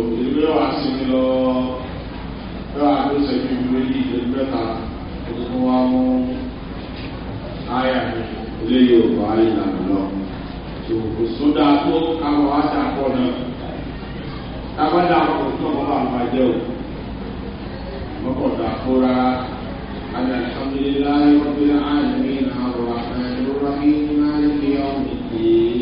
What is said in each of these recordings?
ìlú wa sí mi lọ bẹ́ẹ̀ wá ló ṣe fi méjì ìdílé mẹ́ta òun wa mú àyà eléyìí ò bá ìlànà lọ kò sódà tó káwọn wá sí àpọ̀ náà tábàdà kò tó wọn bá máa jẹ o mọ́kànlá fúra àti alhamdulilayi wọ́n fi àyè mí nà ọ̀rọ̀ àti ẹ̀rọ rahim náà ní ọ̀hún ìdíyẹ.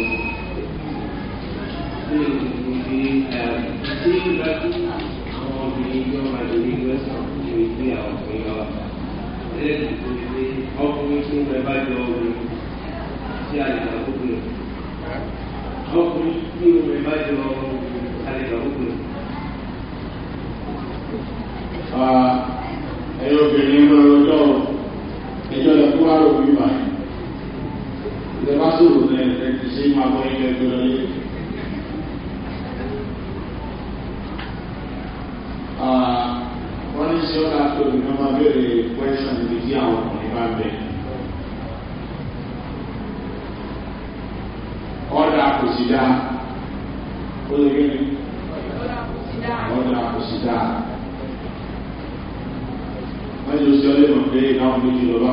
Ah, ẹ̀yin obìnrin lọ́jọ́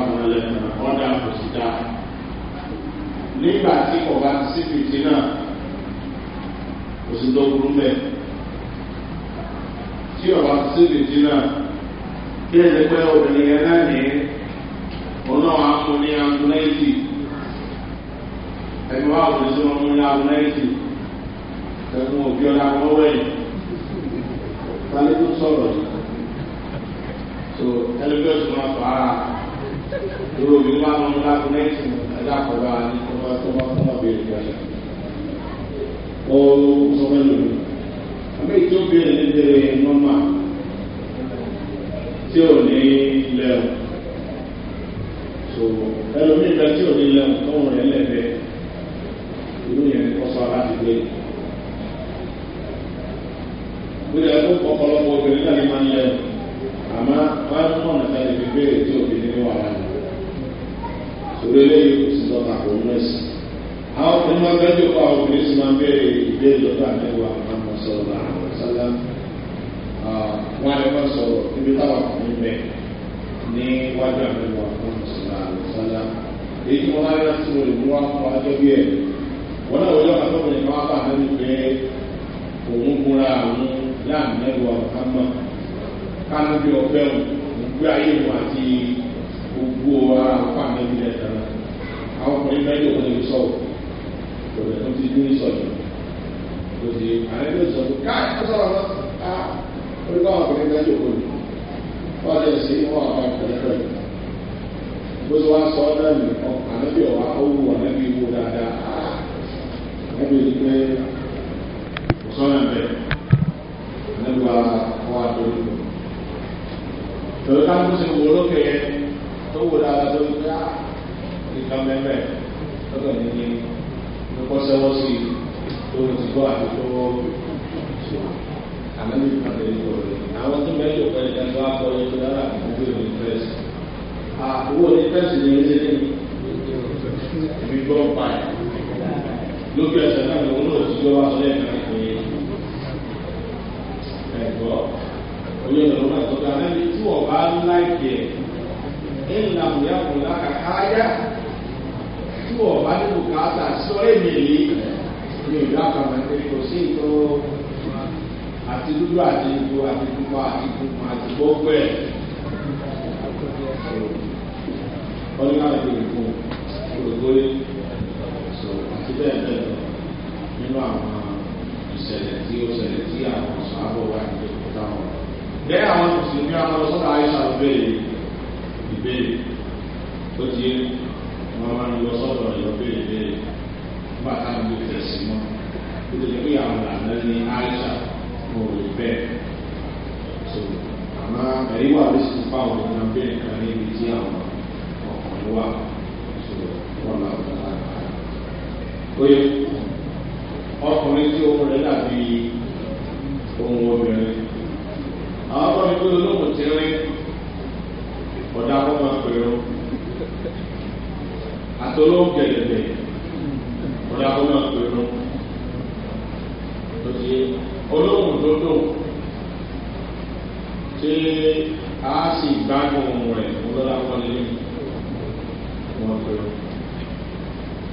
fún ẹlẹ́kan ọ̀dà kò sí dáa nígbà tí kò bá ti sí fìtì náà kò sí tó burú bẹ́ẹ̀ tí ọba ti sí fìtì náà kí ẹ̀jẹ̀ pé obìnrin yẹn náà ní ọ̀nà àmú ní amúnáìtì ẹ̀mí wa kò sí ọmú ní amúnáìtì ẹ̀kún òbí ọ̀dà wọn wẹ̀yìn tálẹ́ tó sọ̀rọ̀ yìí so ẹlẹ́gbẹ̀ẹ́ tó máa fà á irú obìnrin máa ń lọ láti ẹ̀dá àkọ́lá ní ọba tó bá fún ọbẹ̀rẹ̀ ìgbàlẹ̀ ó sọ mẹ́lò ní àmì tí ó bẹ̀rẹ̀ níbẹ̀rẹ̀ nọ́mà tí so ẹlòmíì kan tí ò ní lẹ́wọ̀n tó ń rẹ̀ lẹ́bẹ̀ẹ́ ìlú yẹn kọ́ sọ láti gbé gbogbo ẹ̀kọ́ ọ̀pọ̀lọpọ̀ obìnrin náà ní máa ń lẹ́wọ̀n àmọ́ wọ́n mọ̀ nípa ìgbégbé tí obìnrin wà láti torí eléyìí kò sí lọ́ta kò ń mẹ́sì. àwọn ọmọ ẹgbẹ́ mẹ́jọ pa obìnrin sì máa ń bẹ̀rẹ̀ ìdílé lọ́dọ̀ àtẹ́wà àmọ́ sọ̀rọ̀ àwọn sálá wọn lè má sọ̀rọ̀ níbi táwọn kò ń bẹ̀ ní wájú àtẹ́wà àmọ́ sọ̀rọ̀ àwọn sálá. èyí wọn á rẹ́ sí olè wọn kọ́ ajọ́ bí ẹ̀ wọn náà àtọ́kùnrin kan bá gbogbo ara àpá àmẹ́bí rẹ̀ dáná àwọn ọkùnrin bẹ́ẹ̀ yóò wọlé sọ̀rọ̀ kò lè tó ti dúró sọ̀rọ̀ kò sí àmẹ́bí yóò sọ̀rọ̀ káàkiri tó sọ̀rọ̀ lọ ká orí bá ọkùnrin bẹ́ẹ̀ yóò wọlé wọ́n lè sí wọn àpá ọkùnrin pẹ̀lú bó ti wá sọ ọ́dọ̀ mi àmẹ́bí ọ̀wá owó àmẹ́bí wo dáadáa àmẹ́bí yìí pé kò sọ́nà bẹ́ẹ̀ àmẹ́bí wa wá dórí lọ. Tòlótà ń bó ṣe wọ́n lókè yẹn tó wò dáadáa lórí pé á ah, nǹkan mẹ́mẹ́ lọ́dọ̀ ní ní lọ́kọ́ sẹ́wọ́ sí tó ti gbọ́ àti tó àlẹ́ mi pàdé nípa rẹ̀ àwọn tó mẹ́jọ pẹ̀lú ẹ̀dọ́ akọ̀yẹ tó dára àgbègbè ní fẹ́ẹ̀sì àwọ̀ ní fẹ́ẹ̀sì ní ẹ̀jẹ̀ ní ìbí gbọ́ ni òun náà ti gbọ́ wá sọ́lẹ̀ náà ní ẹ̀gbọ́ olóyè ìlà òyàwó lákàkáyà tí wọ́n bá ní bùkátà sọ èmi yìí ní ìlú àkàmọ̀tẹ́ kò sí ìtọ́ àti dúdú àti ìlú àti pupa àti pupa àti gbogbo ẹ̀. ọdún náà ti rí fún olùgbòye àti bẹ́ẹ̀ bẹ́ẹ̀ lọ nínú àwọn ìṣẹ̀lẹ̀ tí ó ṣẹlẹ̀ tí àwọn ọ̀sán àbọ̀ wà ní ìjọba táwọn. bẹ́ẹ̀ àwọn mùsùlùmí àwọn sọ́dọ̀ àìsàn bẹ́ẹ̀ béèrè tó ti yé wọn máa ń lọ sọ́dọ̀ ẹ̀yọ́ béèrè béèrè nígbà táwọn ló fẹ̀ mọ́ nítorí pé àwọn àná ní àìsà mo rò bẹ́ẹ̀ so àmọ́ ẹ̀rí wà ló sì fún àwọn ọ̀nà béèrè kan níbi tí àwọn ọkùnrin wà so wọn là wọn là ó yẹ ọkùnrin tí ohun rẹ̀ dàbí ohun obìnrin àwọn ọkùnrin tó lóun ti rìn ọ̀dà fọmọ pẹ̀lú àtọ́lọ́ gẹ̀lẹ̀dẹ̀ ọ̀dà fọmọ pẹ̀lú òtí olóhùn tó dò tí a sì gbádùn rẹ̀ ọ̀dà fọmọ pẹ̀lú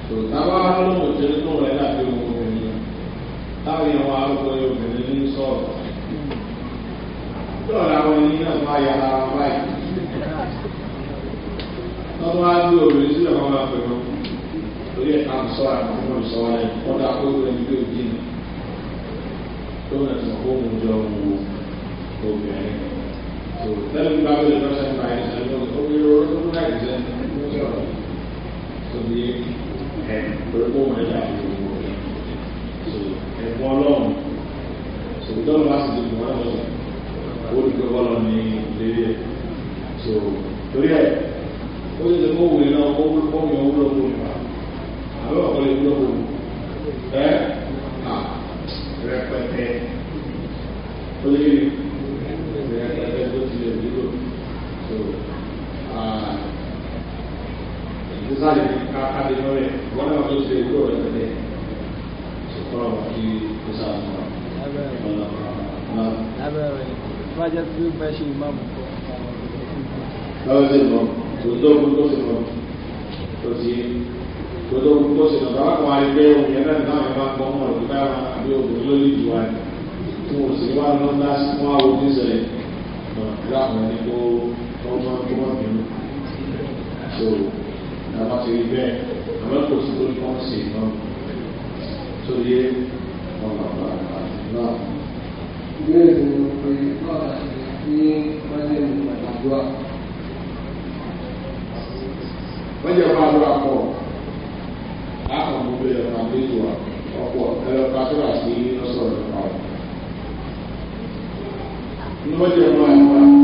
tòtábà lóhùn tó dò rẹ̀ láti wọ obìnrin táwọn èèyàn wa lóko obìnrin ní sọ̀rọ̀ tí ọ̀dà wọn ní náà máa yára báyìí wọ́n wá gbé obìnrin sílẹ̀ wọ́n máa pẹ̀lú orí ẹ̀ka sọ́ra àwọn ọmọ ìsọ̀rọ̀ rẹ̀ wọ́n dá kó lórí ẹgbẹ́ òjì ni tó ń sọ kó ń jọ wo obìnrin tó lẹ́nu bá bẹ̀rẹ̀ lọ́sẹ̀ nípa ẹ̀sẹ̀ lọ́sẹ̀ ó bí ó ń láì jẹ́ ó ń sọ̀rọ̀ tó bí ẹ̀ lórí kó wọ́n ẹ̀dá ìlú ẹ̀gbọ́n ọlọ́run ṣòwòtọ́ lọ́wọ́ sì ti gbọ́n ọlọ́run ó dùn pé bọ́lọ́ ní lérí ẹ̀ torí ẹ̀ ó lè lè mọ́wò yẹn náà wọ́n wọ́n yẹn wúlò wò ní wa àbẹ́ wà kọ́lé wúlò wò ní ẹ́ à rẹpẹtẹ ó lè rẹpẹtẹ tó ti lè wúlò tó à ìdísàlẹ̀ káàkiri lọ́rẹ̀ wọ́n náà tó ti lè wúlò rẹpẹtẹ sọ̀kọ́rọ̀ wà kí ìdísàlẹ̀ wà. lábẹ́rẹ̀ ìfúnjẹ́ tí ó bẹ́ ṣe ìmáàmù kọ́. lábẹ́rẹ̀ ìmáàmù tòótọ́ tó sì mọ̀ tó ti tòótọ́ tó sì mọ̀ bàbá kan ayé pé omi ẹ̀ náà náà yẹn bá gbọ́ mọ̀ lórí bá wọn àbí obìnrin ló lè jù wá ní tí wọn sì wá lọ ńlá sí wọn àwọn oníṣẹ̀lẹ̀ láwọn ẹni tó so àwọn ti rí bẹ́ẹ̀ àwọn kò sí lórí wọn sì náà tó yé wọn bàbá náà. ìbéèrè mi ni wọ́n jẹ́ máa lọ́ra pọ̀ láwọn gbogbo ẹ̀rọ àgbéjọ ọ̀pọ̀ ẹ̀rọ pàṣẹ àti ọ̀sọ̀rọ̀ nípa rẹ̀. wọ́n jẹ́ máa lọ́ra pọ̀.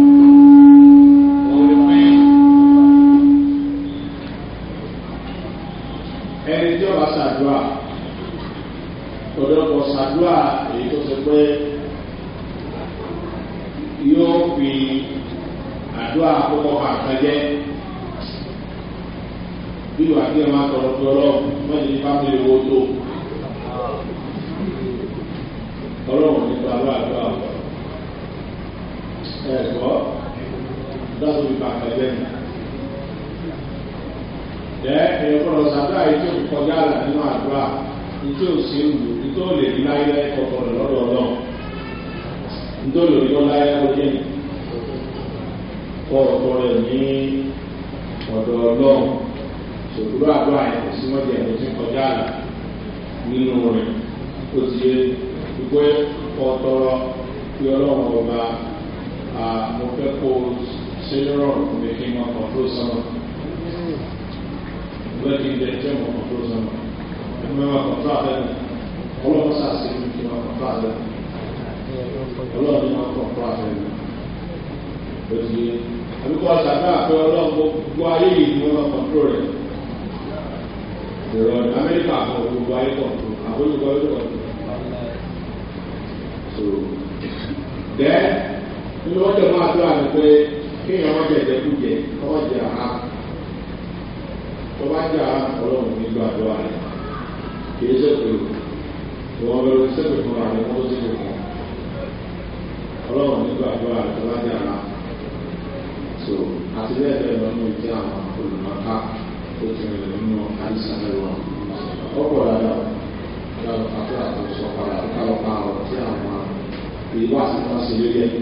èyí wà sí ká ṣe lórí ẹ̀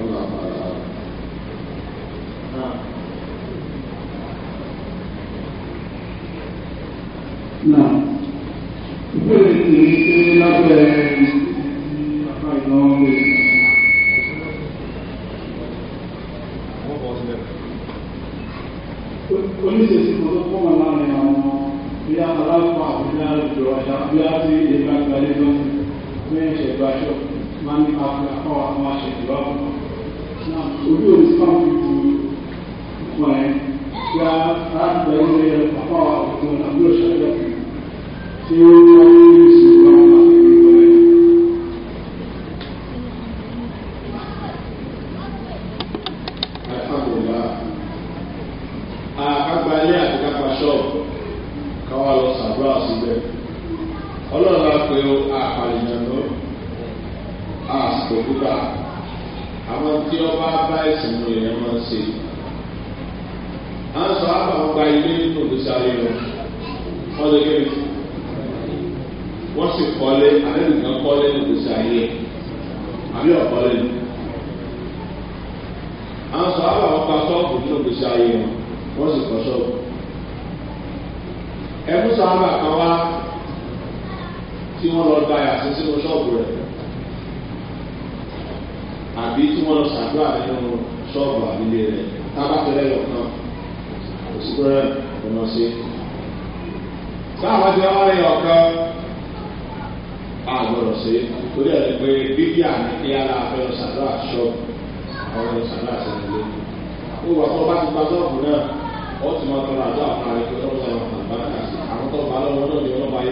ọ̀la àbàlà. Náà, ìbéèrè ti ní lábẹ́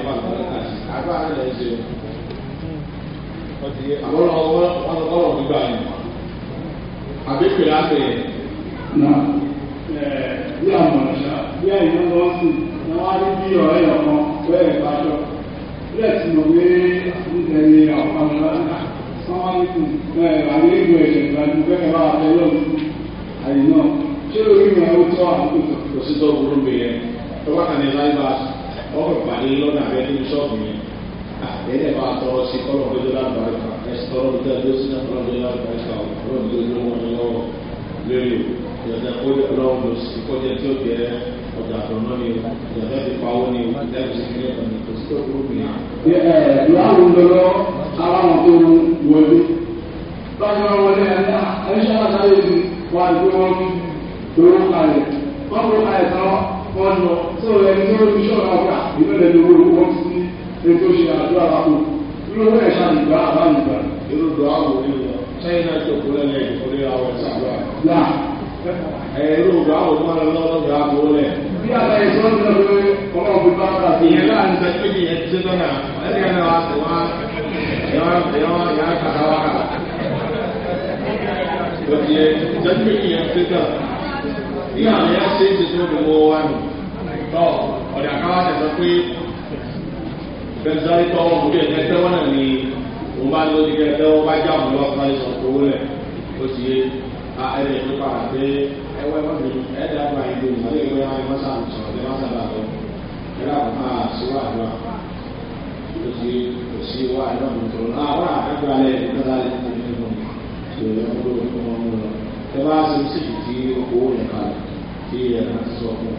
ẹ̀fà àgbàlagbà àgbà rẹ̀ ṣe àwọn ọlọ́wọ́ ọlọ́wọ́ gbígbà ni àbíkè láti yẹn. na bí àwọn ọ̀ṣà bí àyìnbó lọ sí ni wọ́n á ní bí ọ̀rẹ́ ọ̀kan bẹ́ẹ̀ bá jọ bílẹ̀ tí mo gbé nítorí àwọn ọ̀ṣà sáwọn nìkún bẹ́ẹ̀ àwọn ìlú ẹ̀ṣẹ̀ ìgbàlú bẹ́ẹ̀ bá abẹ́ lọ́wọ́ àyìnbó ṣé lórí mi àwọn tó àwọn kò sí tó burú mi yẹn tó bá kàn ní láyé bá a sọ ọkọ̀ ìpàdé lọ́nà abẹ́ nínú ṣọ́ọ̀bù yẹn àbẹ́lẹ̀ bá tọrọ sí kọ́lọ̀ gbẹdọ́ lágbàáríkà ẹ̀sìn tọrọ gbẹdọ́ ló sí náà kọ́lọ̀ gbẹdọ́ lágbàáríkà ọ̀rọ̀ ní ojú wọn ni lọ́wọ́ lórí o ìyàtọ̀ kọ́jọ́ ọlọ́run lọ sí kọ́jọ́ tí ó jẹ́ ọjà àtọ̀nà ni o ìyàtọ̀ ti pa owó ni o ìdájọ́ sí kílẹ̀ kan ní kò sí tó kúrò bí. láàrú lọ́wọ́ ara wọn tó wọlé lọ́jọ́ wọlé ẹ̀ṣẹ́ àtàlẹ́ wọ́n lọ tó ẹni tó ní sọ́nà ọ̀gá nínú ẹni owó owó wọ́n ti ní ètò ìṣe àdúrà àpapọ̀ nínú ẹ̀ ṣàlùgbà àbáyùgbà nínú ìdọ̀ àwọ̀ nínú ṣáyínà tó kó lẹ́lẹ̀ ìfọdé àwọ̀ ṣàdúrà. là ẹ̀rọ ìdọ̀ àwọ̀ tó máa lọ lọ́dọ̀ àbò lẹ̀. bí àtàyè tó ń lọ pé ọmọ òbí bá ń tàbí. ìyẹn láà ń tẹ nígbà àwọn yẹn ṣe é ṣe tí ó fi wọ́ wá nù tọ́ ọ̀dà káwá tẹ̀sán pé bẹ́ẹ̀sán tọ́ ọmọ bí ẹ̀jẹ̀ tẹ́wọ́ náà ni òun bá lórí kẹ́ tẹ́wọ́ bá já òun lọ́wọ́ sáré sọ owó rẹ̀ ó ti yé ẹ̀rẹ̀ tó padà pé ẹwẹ́ mọ́bí ẹ̀dá gba ìlú ìmọ̀lẹ́ ìwé ayé mọ́sá àmùsọ̀ ní mọ́sá bàbá ẹ̀rọ àwọn máa síwá àdúrà ó ti kò sí wá iná mọ̀tò náà wọ́n àdúgbò tí ẹ sọ fún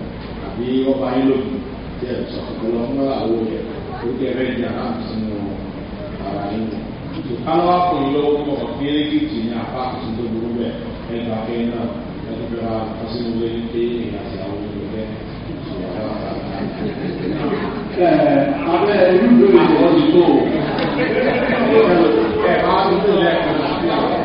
àbí ọba yín lòdì tí ẹ sọ fún lọ fún àwọn yẹn tó jẹ bẹ́ẹ̀ di aráàlú sínú ara yín. Ìtòkálọ́ àpòyìn lọ́wọ́ kọ̀ bí ẹ́gìtì ní apá àti tó burú bẹ́ẹ̀ ẹgbà kẹ́yìn náà ẹgbẹ́ bẹ́ẹ̀ wá kọ́sínú lé ní pé èèyàn àti àwọn olùdó bẹ́ẹ̀ ṣùgbọ́n wá kà á. Abẹ́ ẹ̀rú ìgbèrè ìwọ́n ti tó o. Ẹ̀ka tó tó lẹ́ẹ̀kan àti àwọn.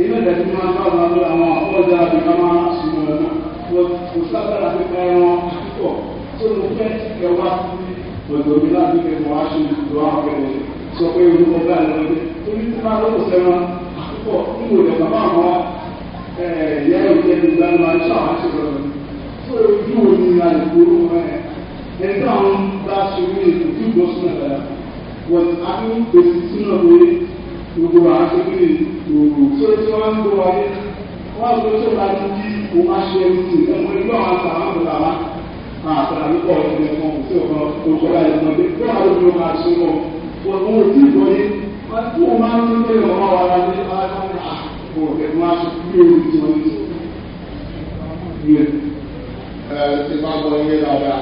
èyí náà dẹ̀sí máa ń bá wọn lọ àwọn àkọ́jà àbí ká máa sùn lọ náà wọ́n kò sábàrà pípa ẹran púpọ̀ tó ló fẹ́ kẹ wá lọ́dọ̀ mi láti fẹ́ mọ́ aṣọ ìdúró àpẹẹrẹ sọ pé olùkọ́ bá lọ rẹ torí tí wọ́n lọ́kọ̀ sẹ́ran púpọ̀ níwò lẹ̀ bàbá àwọn ẹ̀yà ìjẹ́ ìgbàlú aṣọ àwọn aṣọ rẹ̀ tó ojú òní àlùkò ẹ̀ẹ́dá bá ṣe ètò tí ìgbọ́sùn náà wọ́n á ní gbèsè sínú ọ̀rẹ́ gbogbo àwọn aṣọ tó tí wọ́n ń lo wáyé wọ́n lọ tó bá ti di o aṣọ ẹni tì ẹ̀wọ̀n ẹgbẹ́ àwọn àtàwọn àbùdàwà àtàwọn àbúkọ̀ ẹ̀jẹ̀ kan kò sí ọ̀kan òṣèlú àìsàn bí wọ́n àwọn ọmọ máa ṣe wọn wọ́n tí ì lọ́yé wọ́n tó máa ń lé ọmọ wa wá ní àwọn ọ̀gẹ̀dùn aṣọ bí o ti máa gbọ́ ilé dáadáa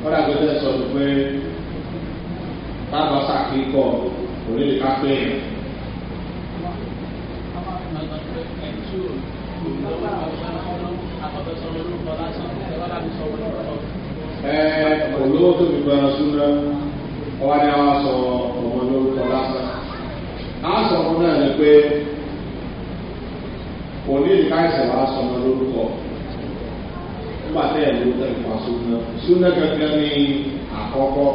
wọ́n dàgbé tẹ̀ sọ̀rọ̀ pé bá a bá sàkíkọ̀ òní ẹ olówó tó fi gbára súnra ọwọ́ ni a wá sọ ọmọ lórúkọ lásán a sọ ọmọ náà ni pé kò ní ìka ìṣẹ̀ wá sọ ọmọ lórúkọ nígbà tẹ́ ẹ̀ ló tẹ̀ fà súnra súnra kankan ní àkọ́kọ́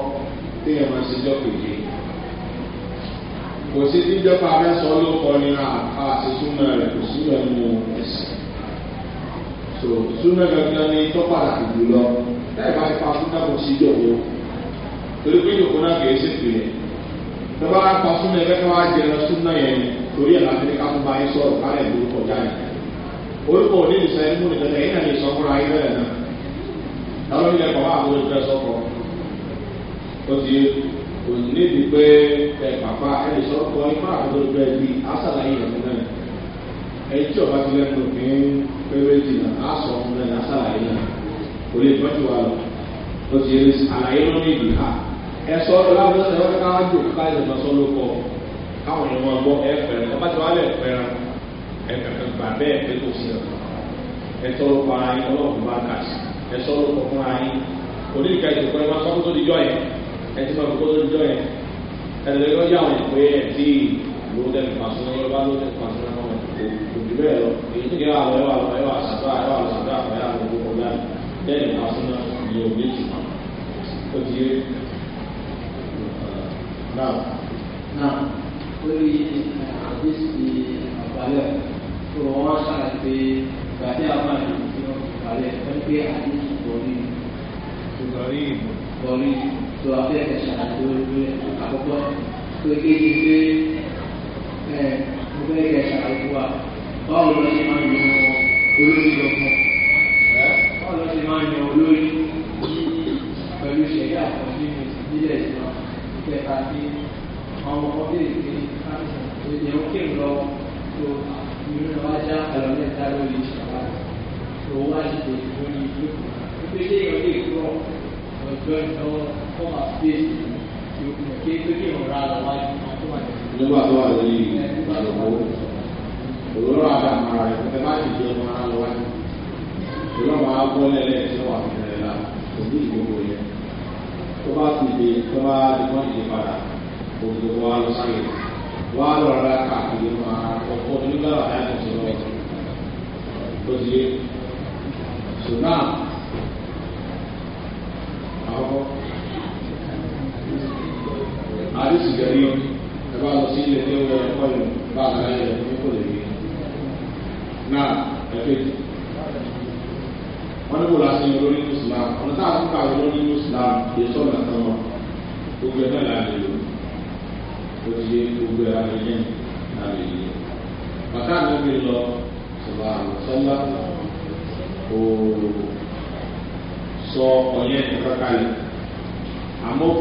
téèyàn máa ṣe jọ́ kéde kò sí tíjọba abẹ́sọ̀ ló kọ́ ní àṣìṣúná rẹ̀ kò sí ìrẹ̀lú ẹ̀sìn so súnà gangan ni tó pàtàkì jùlọ láì bá ti pa súnà kò sí ìjọba torí pé ìjọba náà kì í ṣètò yẹn tọ́ba pa súnà ẹgbẹ́ tó wá jẹrọ súnà yẹn torí ẹ̀ láti ní káfíńbá yín sọ̀rọ̀ kálẹ̀ ìlú kọjá yẹn orúkọ òní ìṣẹ́ ìmú nìkan ẹ̀yìn náà lè sọ fúnra yín bẹ́ẹ̀ náà táwọn ilẹ̀ kọ̀ wá àwọn olùfẹ́ sọ̀kọ̀ ó ti òní níbi pé ẹ̀ pàpà ẹ̀ lè sọ̀kọ̀ ipá àwọn ẹni tí ọba ti lẹ́nu ní pẹ́rẹ́ jìnnà á sọ fún ẹ̀ lásàlàyé náà kò lè tọ́jú wa lọ ó ti rí àlàyé ló ní ìlú ha ẹ sọ ọ́ lọ́wọ́ lọ́sẹ̀ wọ́n ká wájú ká lè máa sọ lóko káwọn èèyàn máa gbọ́ ẹ fẹ̀rẹ̀ ọba tí wọ́n lè fẹ́ràn ẹ kàkà gbà bẹ́ẹ̀ pé kò sí ẹ̀kọ́ ẹ tọ́ ló pa ayé ọlọ́run bá kà sí ẹ sọ lóko fún ayé oníkà ìdìbò ẹ máa sọ kótó dijọ́ yẹn ẹ ti máa fi kótó dijọ́ yẹn ẹ lè bẹ́ẹ̀ lọ èyí tí yà wọ ẹwà lọ ẹwà sàdá ẹwà lọ sàdá ẹwà lọ gbogbo ọ̀gá lẹ́yìn náà fún náà ní di é náà. náà lórí àdéhùn àbálẹ̀ tó wọ́n ṣàlàyé gbàdé àbáyé tí wọ́n fi kalẹ̀ pẹ́pẹ́ àdéhùn bọ̀rí. bọ̀rí bọ̀rí tó abẹ́rẹ́ ṣàlàyé lórí báwo lọ sí máa yan olórí lọ́kàn báwo lọ sí máa yan olórí pẹ̀lú ṣẹ̀dá àkọsí nílẹ̀ ìgbà ìjẹta sí àwọn ọmọ bẹ́ẹ̀ ní èdè òkè lọ tó ìrìn wá já ẹ̀rọ mẹ́ta lórí ìṣàlá tó wá ṣe lórí ìlú pé ṣé èèyàn lè kúrọ̀ ọjọ́ ìnáwó fún àfíìsì yòókù kí pé kí ìrora àwọn àjùmọ̀ tó wà nígbà tó wà lórí ìgbàlódé òwúrọ̀ àdàmà rẹ̀ tẹ má ti di ọmọ ara wa ni òwúrọ̀ máa bọ́ lẹ́lẹ́ tí wọ́n fi rẹ̀ la òbí ìgbòho yẹ tó bá ti di tó bá di wọ́n ti padà òbí wa lọ sáré wa lọ rà káàkiri máa kọ́kọ́ nígbà wà láti sọ lọ tó ti yé sùnà àkọ́kọ́ àdìsí gẹ̀rí ẹ bá lọ sí ilé tó yẹ ẹ̀kọ́ yìí bá àgbáyé ẹ̀ ní kò lè náà ẹ̀kejì wọ́n ní kò láti yan lórí islam ọ̀nà tá a tún lórí islam kì í sọ̀nà kan wọn gbogbo ẹ̀ náà lálẹ́ lò ó ti yé gbogbo ẹ̀ lálẹ́ yẹn lálẹ́ yẹn bàtà mi bí lọ sọ̀rọ̀ àwọn sọ́lá sọ ọ̀yẹ́ nǹkan kalẹ̀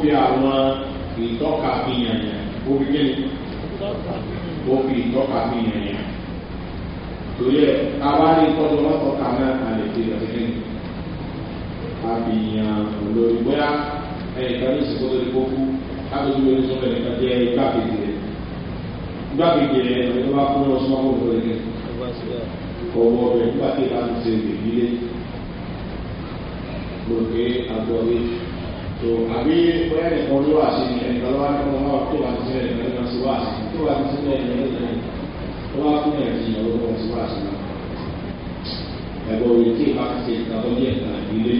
fi àwọn ìtọ́ka fi yàn yàn ó fi kéde ó fi ìtọ́ka fi yàn yàn torí ẹ̀ káwá ní ìtọ́jú ọlọ́kọ̀ọ́ká náà àlèké ẹ̀sìn àbíyàn olórí bóyá ẹnìkan ní ìsìnkú tó ti kó kú káàdùn ìwé ní sọ́kẹ̀ nìkan jẹ́ igbákejì rẹ̀ igbákejì rẹ̀ ẹni tó bá kú ke, sọ́kọ̀ òkúrò rẹ̀ ọwọ́ rẹ̀ igbákejì bá ti ṣe ìdílé lókè àgbọ̀lé tó àbí bóyá nìkan ló wà sí ẹnìkan ló wà ní ọmọ tó wà sí ẹnìkan ló wà sí tó wà sí ẹnìkan ló wà sí wọ́n á fún ẹ̀sìn ìyàwó tó wọ́n ti wá sí náà. ẹ̀bọ̀ òye tí ìbá ti ṣe ìtàn lọ́jọ́ ìtàn ìdílé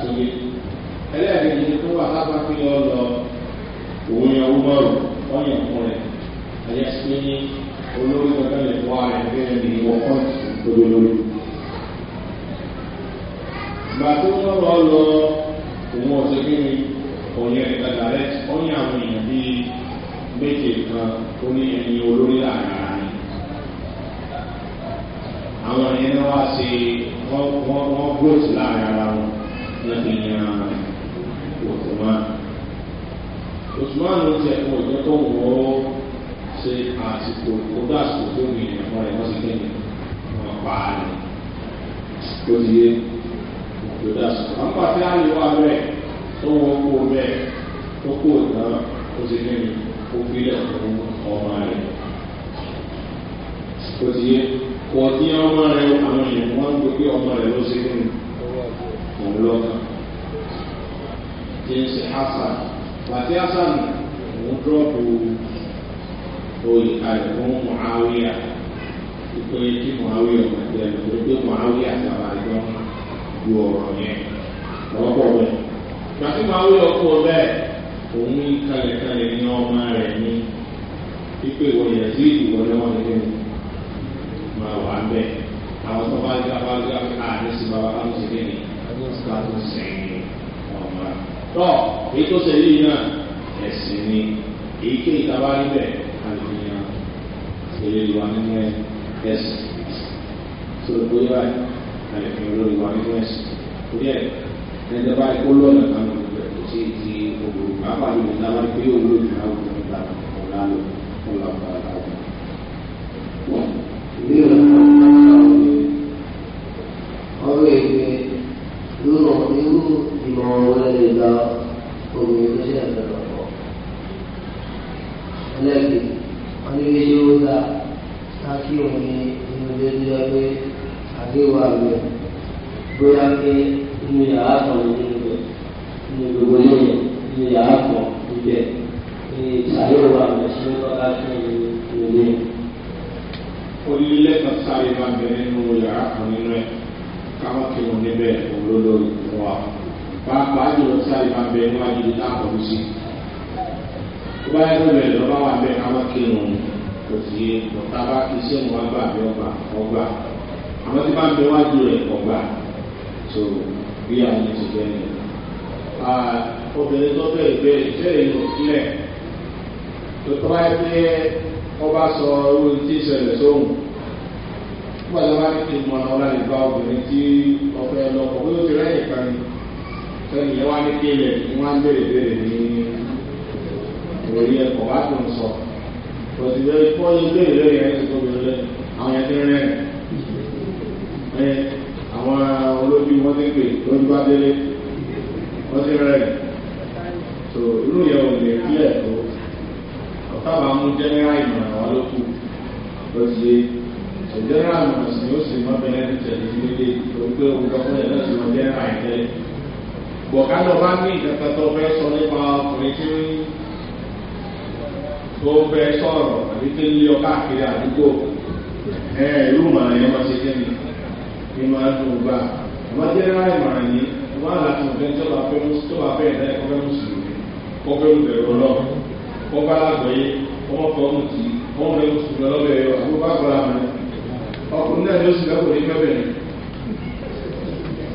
sókè. ẹlẹ́ẹ̀kejì ni tó wà lábá pé ọ lọ òun yẹn wúmọ́rù wọ́n yàn fún rẹ̀ ẹ̀yẹ sí ní olórí kankan lè wá rẹ̀ bẹ́ẹ̀ ni wọ́n kọ́ ìtòdó lórí. ìgbà tó wọ́n lọ méje kan ó ní ẹni olórí láàrin ara ni àwọn yẹn náà wá sí wọ́n gbòòtù láàrin ara wọn lọ́dún yẹn òtùmáà òtùmáà ló ti ẹ̀kọ́ òjò tó wọ́ ṣe àsìkò kódà àsìkò tó mi ẹ̀kọ́ rẹ̀ wọ́n ti kéde wọ́n pa á lẹ̀ tó ti yé kódà àsìkò àwọn pàṣẹ àyè wà bẹ́ẹ̀ tó wọ́n kó bẹ́ẹ̀ tó kó ìtàn ó ti kéde ó gbélé fún ọmọ rẹ̀ kò sí yẹ kò sí ọmọ rẹ̀ àwọn èèyàn wọn gbé pé ọmọ rẹ̀ ló ṣe é nù òun lọ́kàn james hasan bàtí hasan òun dúrọ́pù oyè kalẹ̀ fún muhawiya ìpè kí muhawiya ọmọ ìgbẹ́ ìpè pé muhawiya sábà jọ ju ọ̀rọ̀ yẹn lọ́pọ̀ bẹ́ẹ̀ bàtí muhawiya ọkọ̀ bẹ́ẹ̀ òun kalẹ̀kalẹ̀ ní ọmọ rẹ̀ ní pípé ìwọ̀nyẹ̀ sí ìwọ̀lẹ́wọ̀n nínú máa wà ń bẹ̀. àwọn tó bá gbé abá gbé àdé sí bàbá bá ti gbé ní bá tó sẹ́yìn ọmọ. tọ́ èyí tó ṣe yìí náà ẹ̀sìn ni èyí ké ìtaba níbẹ̀ àlùyàn èyí wà nínú ẹ̀sìn. sọ̀rọ̀ bóyá àlùyàn lórí wà nínú ẹ̀sìn. torí ẹ̀ ẹ̀dẹ̀ báyìí kó lọ́ọ̀nà apa yang misalnya beliau menunjukkan kepada orang orang Wah, pé olùdókòwò yẹn náà ti wọ́n jẹ́ àìlẹ́. bọ̀kálọ̀ bá ní ìjọba tó fẹ́ sọ nípa ọkùnrin tí tó fẹ́ sọ̀rọ̀ àbí tó lé ọ káàkiri àdúgbò ni kí máa dùn gbà. àmọ́ jẹ́rẹ́rà ìmọ̀ràn yìí wọ́n á láti ọ̀gbẹ́ tó bá fẹ́ tó bá fẹ́ ẹ̀dá ẹ̀kọ́ fẹ́ mùsùlùmí kó fẹ́ olùbẹ̀rẹ̀ ọlọ́run kó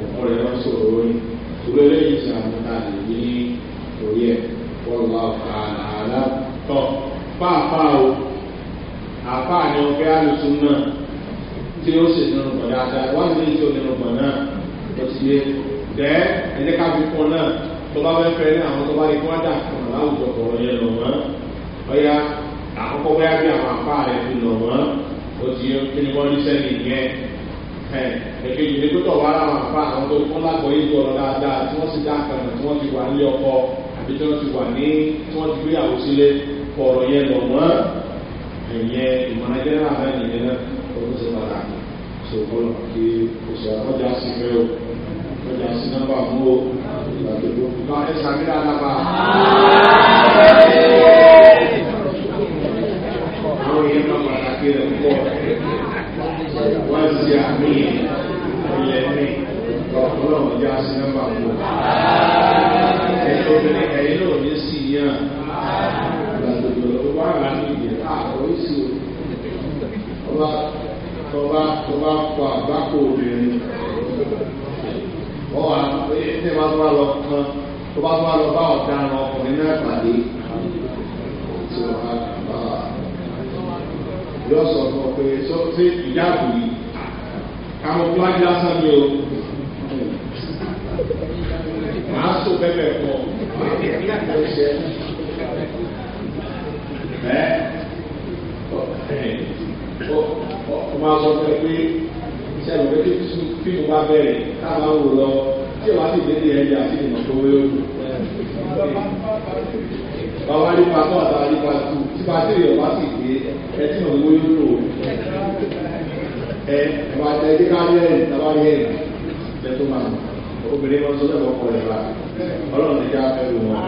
òkun rẹ̀ wọ́n sọ̀rọ̀ lórí ìwé lẹ́yìn tí àwọn náà lè ní orí ẹ̀ wọ́n wá ọ̀tá àlàálá tọ́ pàápàá o àpáà ni ọgbẹ́ àlùtún náà tí ó sì nínú pọ̀ dáadáa wá sí ní tí ó nínú pọ̀ náà ó ti yé bẹ́ẹ̀ ẹ̀jẹ̀ ká fi pọ̀ náà tó bá fẹ́ fẹ́ ní àwọn tó bá yẹ kó wá dà láwùjọ kọ̀ọ̀rọ̀ yẹn lọ mọ́ ọ̀yá àkọ́kọ́ bẹ́ẹ̀ bí àwọn àpáà rẹ̀ fi lọ mọ́ ó ti kí ni wọ́n ní sẹ́yìn ẹ̀kejì ní pé tọ̀wọ́ ara wọn fa àwọn tó kún lágbọ̀ yìí lọ dáadáa tí wọ́n sì dá àkànnà tí wọ́n ti wà ní ọkọ àbí tí wọ́n ti wà ní tí wọ́n ti gbéyàwó sílé ọ̀rọ̀ yẹn lọ̀ wọ́n ẹ̀yẹn ìmọ̀ràn jẹ́nẹ́rà náà nìyẹn náà ó ti ṣe pàtàkì ṣòkòrò kí oṣù àkọ́jà o àkọ́jà sí nọ́mbà mú o ìgbàgbọ́ ìgbà ẹ̀sà mí dáadáa àwọn èèyàn náà pàtàkì rẹ̀ pọ̀ ọlọ́run ti àmì ilẹ̀ ní ọlọ́run já sí nọ́mbà kú. Ẹ̀yìn ẹ̀yìn náà ní sí yàn. Ìgbàlódé wà láti ìdè àkọ́rí ah, sí o. Ọba tọba tọba kọ àgbákò obìnrin. Wọ́n wà pé ẹ̀jẹ̀ máa tọ́ lọ kan tó bá tọ́ lọ bá ọ̀daràn ọkùnrin náà kàmú fúlájì lásán ni o màá so bẹ́ẹ̀ pọ̀ ẹ ọ máa sọ fún ẹ pé iṣẹ́ ìwé tí fíìmù bá bẹ̀rẹ̀ káàmá wò lọ tí wàá sì dédé ẹ̀ yà sí ìmọ̀ tó wé òkú. bàbá nípa tó àtàwọn nípa tù tí bá tẹ̀lé ọ̀bá sì gbé ẹ tí mọ̀ wó yóò lò ó. Eh, ẹ̀wà tẹ ẹ̀dí ká yẹ ẹ̀yìn tábà yẹ ẹ̀yìn tẹ tó máa obìnrin wọn tó fẹ́ wọ́n kọ̀ ẹ̀ bá ọlọ́run ti já fẹ́ lù wọn.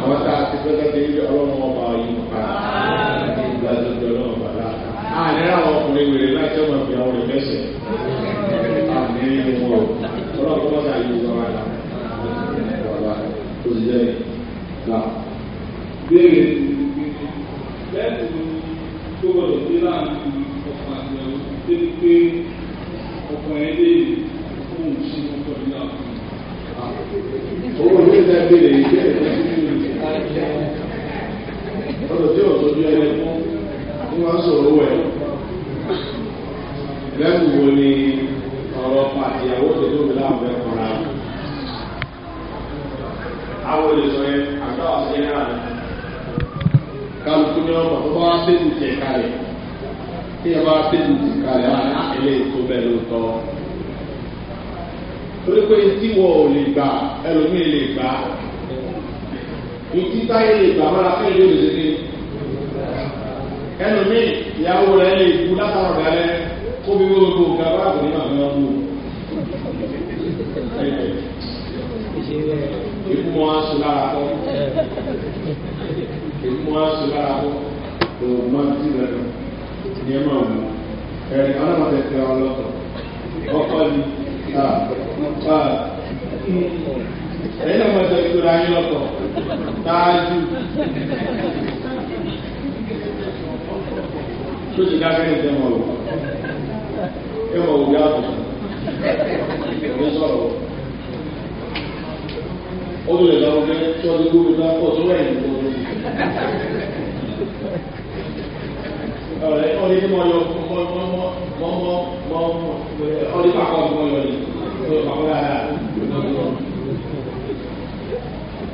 àwọn tá a ti fẹ́ kẹ́kẹ́ yí ọlọ́run ọba yìí mọ̀ pa ìgbà tó di ọlọ́run ọba lá. àní àwọn ọkùnrin wèrè náà tẹ́ wọn fi àwọn rẹ̀ mẹ́sẹ̀ àní wọn ọlọ́run tó mọ́ta yìí wọ́n wà lá. òṣìṣẹ́ là béèrè bẹ́ẹ̀ tó gbọdọ̀ sí láàrin débi pé ọkàn ẹ lè fún sí ọkọ ìlà owó ní ìlà ìbéèrè ìgbẹ́ ìgbẹ́ ìgbẹ́ ọ̀dọ̀ tí ọ̀sọ́ bí ẹni fún wọn sọ̀rọ̀ wẹ̀ lẹ́nu wo ni ọ̀rọ̀ pàtìyàwó tó tóbi láwọn ẹ̀kọ́ ra àwọn olùsọ yẹn àgbà ọ̀sẹ̀ yẹn rà kálukú ní ọmọ tó bá wá sí ìjẹ̀ka yẹn kí ẹ bá tẹ̀lé ti kalẹ̀ wá ní àkẹlẹ́ ètò bẹ́ẹ̀ ló tọ́ torí pé tíwọ́ ò lè gbà ẹlòmíì lè gbà ìdí táyé lè gbà mọ́ra fún ìlú òdòdó ni ẹlòmíì ìyàwó rẹ̀ lè kú látara ọ̀gá rẹ̀ kó bí wọ́n gbó ga bá àgbẹ̀ nínú àgbẹ̀ wọn kú mọ́ aṣọ lára kọ́ ikú mọ́ aṣọ lára kọ́ kò mọ́ ti rẹ̀ lọ ní ẹ máa mú ẹ̀rìn alábàtẹ̀ fẹ́ ọ lọ́tọ̀ ọkọ ni ẹ̀yìn náà máa jẹ́ ìtura yín lọ́tọ̀ táájú tó ti dá kẹ́lẹ́ tẹ́ mọ̀ lọ ẹ wọ̀ òwe àbọ̀ ẹ̀ sọ̀rọ̀ ó lè lọ́wọ́ bẹ́ẹ̀ tí wọ́n ti gbóbi náà pọ̀ tó wẹ̀ ní ọ̀rẹ́ ọdún tí mo yọ mọ́ mọ́ mọ́ mọ́ mọ́ ọdún pàpọ̀ mọ́ yọ ni ọdún pàpọ̀ dáadáa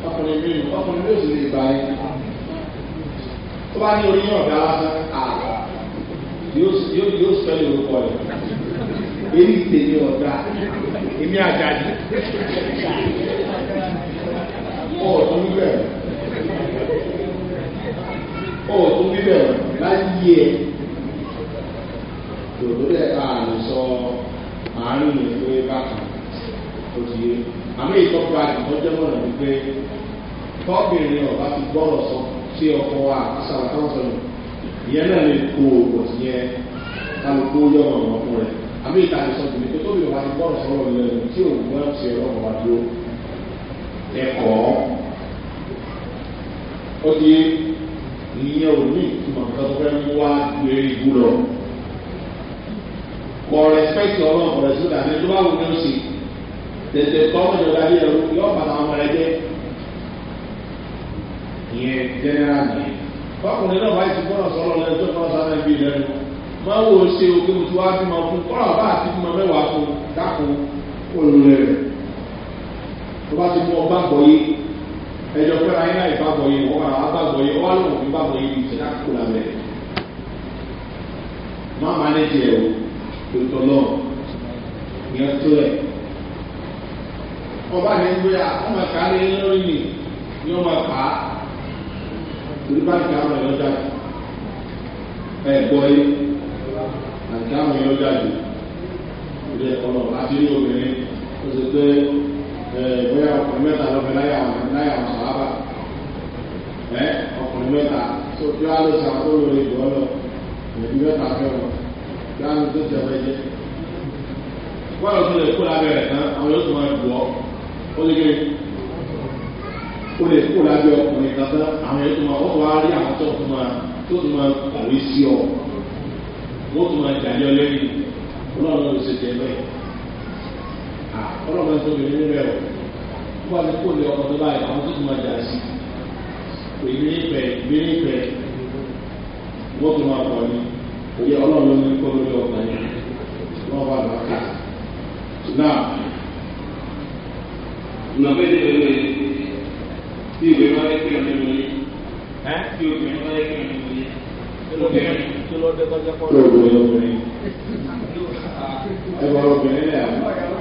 ọkùnrin mi ọkùnrin yóò sì lè gba ẹ tó bá ní orí yàn dá lásán àgbà yóò sẹ́lẹ̀ orúkọ rẹ̀ èyí tèmi ọ̀dà èmi àjàdì ọ̀ọ́dún bẹ́ẹ̀ ó tún bíbẹ̀ láyé ẹ̀ lòdó dẹ̀ ká lè sọ àárín rẹ̀ pé bákan ti yé àmì ìtọ́pọ̀ àtìmọ́jẹ́ mọ̀nà wípé tọ́bìnrin ọ̀bá ti gbọ́rọ̀ sọ sí ọkọ̀ wa àṣàwọ̀ táwọn sọ̀rọ̀ ìyẹn náà lè kó òògùn sí yẹn kálukú yọ̀ ọ̀rọ̀ fún rẹ̀ àmì ìtàkùsọ̀ tòmí pé tóbi ọ̀bá ti gbọ́rọ̀ sọ̀rọ̀ lẹ́nu tí òògùn náà ti ẹ̀rọ ọ̀bá dúró ẹ̀kọ́ ó ti yé ìyẹn ò ní ìtumọ̀ nǹkan tó fẹ́ mú wá gbé ibú lọ. kọ rẹ́spẹ̀tì ọlọ́run rẹ̀ sódà ní tó bá wù ní òsì tètè tọ́wọ́ ní ọ̀dà bí ẹ̀rú yọ bàtà ọmọ rẹ jẹ́. ìyẹn jẹ́nẹ́rà nìyẹn. fọkùnrin náà wáyé ti gbọ́dọ̀ sọ́lọ́ lẹ́nu tó fọ́n sáré bíi lẹ́nu. máa wo ṣe òkè mo ti wá bímọ fún kọ́lá bá àti bímọ mẹ́wàá fún dákun olùrẹ̀ tó bá ti mú ọgbà gbọ́ ẹjọ pé ayé náà ìbábọ̀ yìí wọ́n máa gbàgbọ́ yìí wọ́n lòun ìbábọ̀ yìí ti dá kúrò lábẹ́ rẹ̀. má má ní tiẹ̀ o ni wọ́n máa kà á torí bá kí àwọn èèyàn jáde ẹ̀ gbọ́ yìí àti àwọn bóyá ọkùnrin mẹ́ta ló fẹ́ láyà àwọn láyà àwọn sàábà ẹ ọkùnrin mẹ́ta tó kí wá ló sàn kó lórí ìgbọ́ lọ ẹ̀bí mẹ́ta fẹ́ wọn kí wá ló tó tẹ̀ fẹ́ jẹ́. wọ́n lọ sí ilẹ̀ kó lábẹ́ rẹ̀ tán àwọn yóò tún máa bù ọ́ ó lè gbé ó lè kó lábẹ́ ọkùnrin kan tán àwọn yóò tún máa ó tún wá rí àwọn tó tún máa tó tún máa kàwé sí ọ wọ́n tún máa jàdí ọ lẹ́yìn ọlọ́run ló ṣe tẹ̀ bẹ́ẹ̀ ọlọ́run tó lè rí rẹ̀ o wọ́n ti kó lé ọkọ̀ tó báyìí àwọn tó ti máa jà sí ìgbé ìpẹ́ ìgbé ìpẹ́ wọ́n tó máa pọ̀ ní òye ọlọ́run ló ní kó lórí ọkọ̀ yẹn wọ́n wà lọ́kà. náà ìnáwó èdè ìwé tí ìwé wọn lé kí ọ̀nà ìwé ẹ́ tí obìnrin wọn lé kí ọ̀nà ìwé obìnrin tó lọ́ọ́ dẹ́kọ́jẹ́kọ́ lọ́wọ́ obìnrin ẹ̀ bọ̀ obìnrin náà.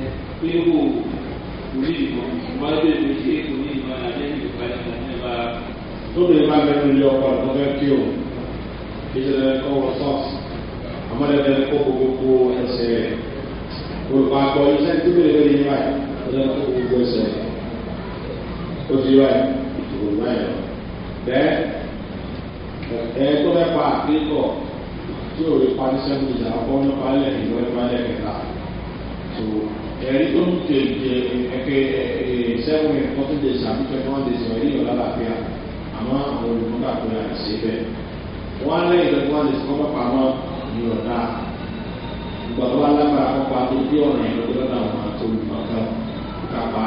pé ó kò ní ìmọ̀ wọ́n lè fi ṣe kò ní ìmọ̀ àdéhùn ìpàdé nípa. lóbìnrin bá bẹ̀rù ilé ọkọ àti ọbẹ̀ kí o ìṣẹ̀lẹ̀ kọ́ wọ sọ́ọ̀sì àmọ́ lẹ́gbẹ̀ẹ́ kó gbogbo ẹsẹ̀ rẹ̀ olùpapọ̀ iṣẹ́ tó bèrè lórí yín báyìí ọjọ́ kó gbogbo ẹsẹ̀ rẹ̀ ó ti báyìí ìṣòro báyìí bẹ́ẹ̀ ẹ̀ tó fẹ́ pa àkíkọ̀ tí ò lè pa ní sẹ́kùn ìjà ọkọ̀ nípa lẹ́yìn lọ́ọ́ nípa lẹ́yìn kẹta tó ẹ̀rí tó ń tẹ ẹ̀kẹ́ sẹ́wọ̀n ẹ̀kọ́tún dé sàbí twenty-one days wọ̀ ẹ̀yìn ọ̀la làbíà àmọ́ àwọn olùkọ́ta kò yà ṣe bẹ́ẹ̀. wọ́n á lẹ́yìn twenty-one days kọ́ pápá mọ́ ní ọ̀dà ìgbàlọ́wọ́ alágbára kọ́pá tó gbé ọ̀ràn yẹn lọ́dọ̀ lọ́dọ̀ àwọn àti olùkọ́ta kápá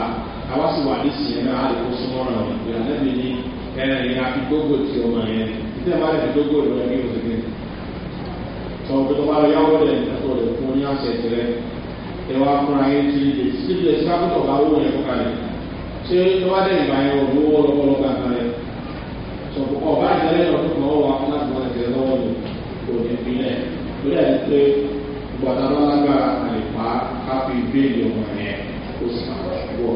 àwa sì wà nísì yẹn náà á lè kó súnmọ́ ọ̀ràn yẹn ìgbà lẹ́bi ní ẹ̀rìn yẹn àfi gbogbo ti ọmọ yẹn ẹwà fún ayé tí ìdè síbi ẹsẹ akọtọ bá wọ yẹn kọkà lẹ ṣé ọba dẹ ìgbà yẹn wọn lówó lọkọlọ gbà kan lẹ sọpọ ọba ìdálẹ ọdún kan wà fún láti máa tẹ lọwọ lò kò ní ìpínlẹ lórí àyè pé gbàdá lọ́lágbára àlè pa káfí bẹ́ẹ̀lì ọmọ yẹn kó sì máa wọ.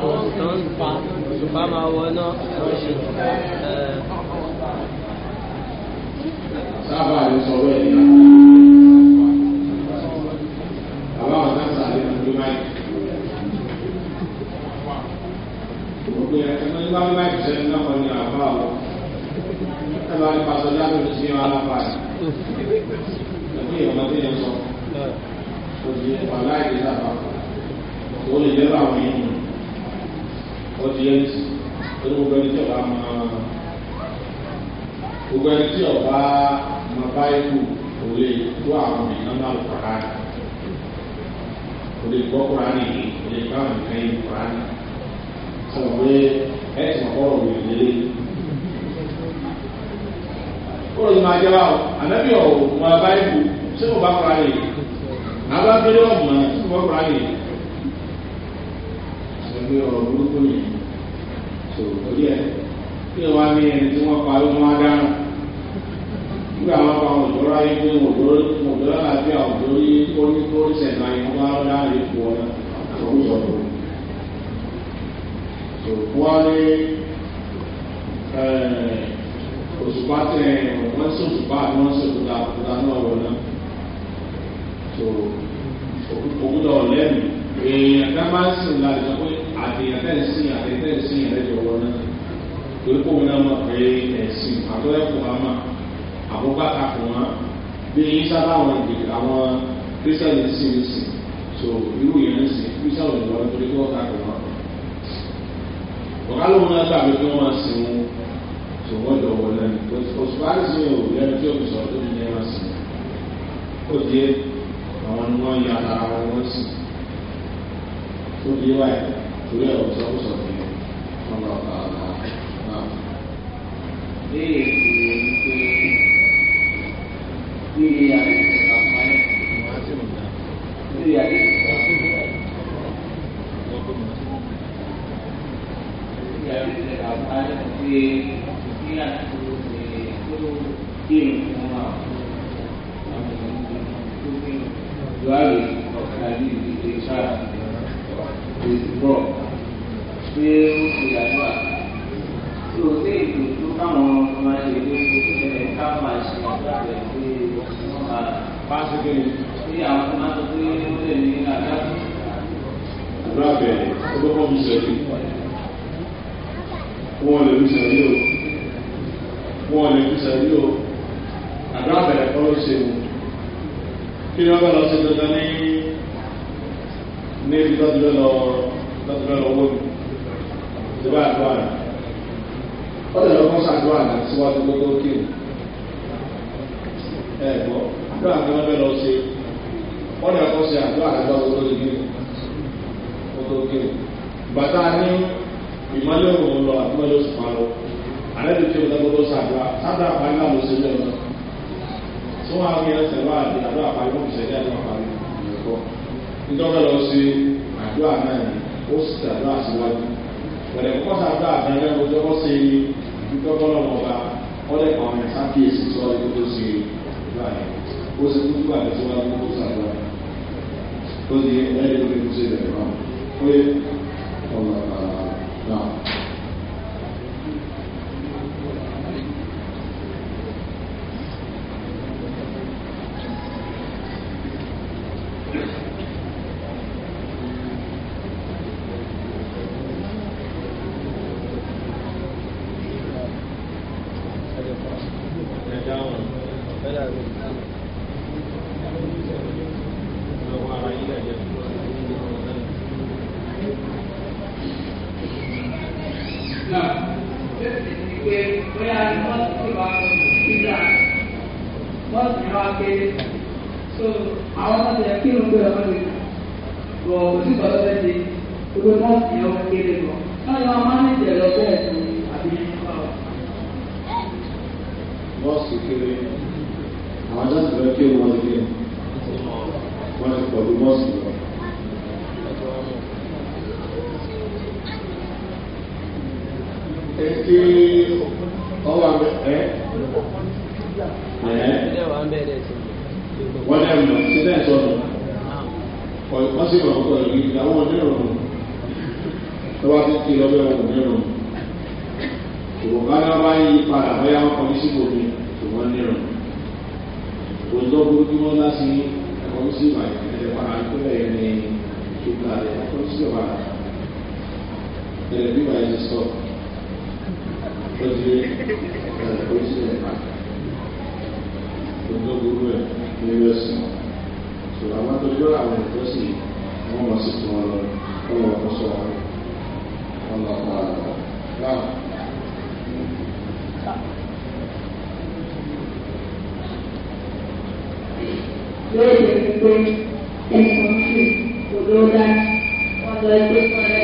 papọ̀ tó ń fa òṣùpá máa wọná ẹ̀rọ ṣe. sábà ló sọ wẹ́ẹ̀ ní àwọn àwọn náà sàlẹ̀ ní ọdún báyìí. gbogbo ẹ̀ ẹ̀mọ́ ní báyìí báyìí sẹ́ni náà wọ́n ní àbá ọ̀ ẹ̀ bá ní pàṣẹ jáde ní sí ọ alábàáyé. ẹ̀mí ìyọ̀mọ́dé yẹn sọ. òjì wà láì ní sábà. 我也让你。wọ́n ti yẹn ti pé gbogbo ẹni tí ọba máa gbogbo ẹni tí ọba máa báyìí kò lè tó àwọn ìná náà lọ kàrà kò lè gbọ́ kúrò ní kò lè bá àwọn ìkan yìí kúrò ní sọ̀rọ̀ pé ẹ ti mọ̀ kọ́rọ̀ òwe lélẹ̀. kúrò ní máa jẹ́ wa o ànábì ọ̀hún máa bá kúrò ní àbá gbélé ọ̀gbọ̀n sí mo bá kúrò pé ọ̀rọ̀ burúkú nìyẹn tó orí ẹ̀ kí ni wá ní ẹni tí wọ́n pa ló máa dáná nígbà wọn pa òdòrò ayé pé òdòrò àti àwòdòrò oníkórè sẹ̀nà ayé wọn bá rárá lè fò ọ́ lọ́wọ́ tó wá ní eh, òṣùpá tẹ wọ́n sọ òṣùpá àti wọ́n sọ òkúta òkúta náà wọ̀ náà tó òkúta ọ̀lẹ́nu èèyàn ká máa ń sìn láti sọ àtẹ̀yàn tẹ́ ń sìn àtẹ̀yàn tẹ́ ń sìn ẹ̀rẹ́jọ wọn náà torí kóun náà mọ̀ pé ẹ̀sìn àtọ́lẹ́kùn á mà àkókò àkàkùn wọn bí yín sábà àwọn ìgbèkè àwọn kírísítẹ́nì ń sìn ń so irú yẹn ń sìn kírísítẹ́nì ń lọ nítorí kó àkàkùn wọn. ọ̀gá lóun náà gbàgbé kí wọ́n máa sìn wọn so wọ́n jọ wọ lẹ́nu òṣùpáàlì sí òwò lẹ́nu tí òkú sọ̀rọ̀ tó ní ní ẹran sìn ó wọ́n yan wáyé torí ẹ̀rọ sọ́kùsọ̀ ní ọ̀nà ọ̀tàlá náà. ní èkó ní pé níbi àdéhùn àpáyé níbi àdéhùn àpáyé. níbi àdéhùn àpáyé ti ní àtúntò ní tó kí n. ṣẹ́kẹ́ ni. Ṣé àwọn ọmọ náà sọ pé ó lè ní àdá? Àdúrà bẹ̀rẹ̀ ó lọ́kọ́ mi sẹ́yìn. Wọ́n lè mi sẹ́yìn o. Wọ́n lè mi sẹ́yìn o. Àdúrà bẹ̀rẹ̀ kọ́ ló ṣe wò. Kí ni wọ́n bá lọ sí dandan ní ẹnìkan sí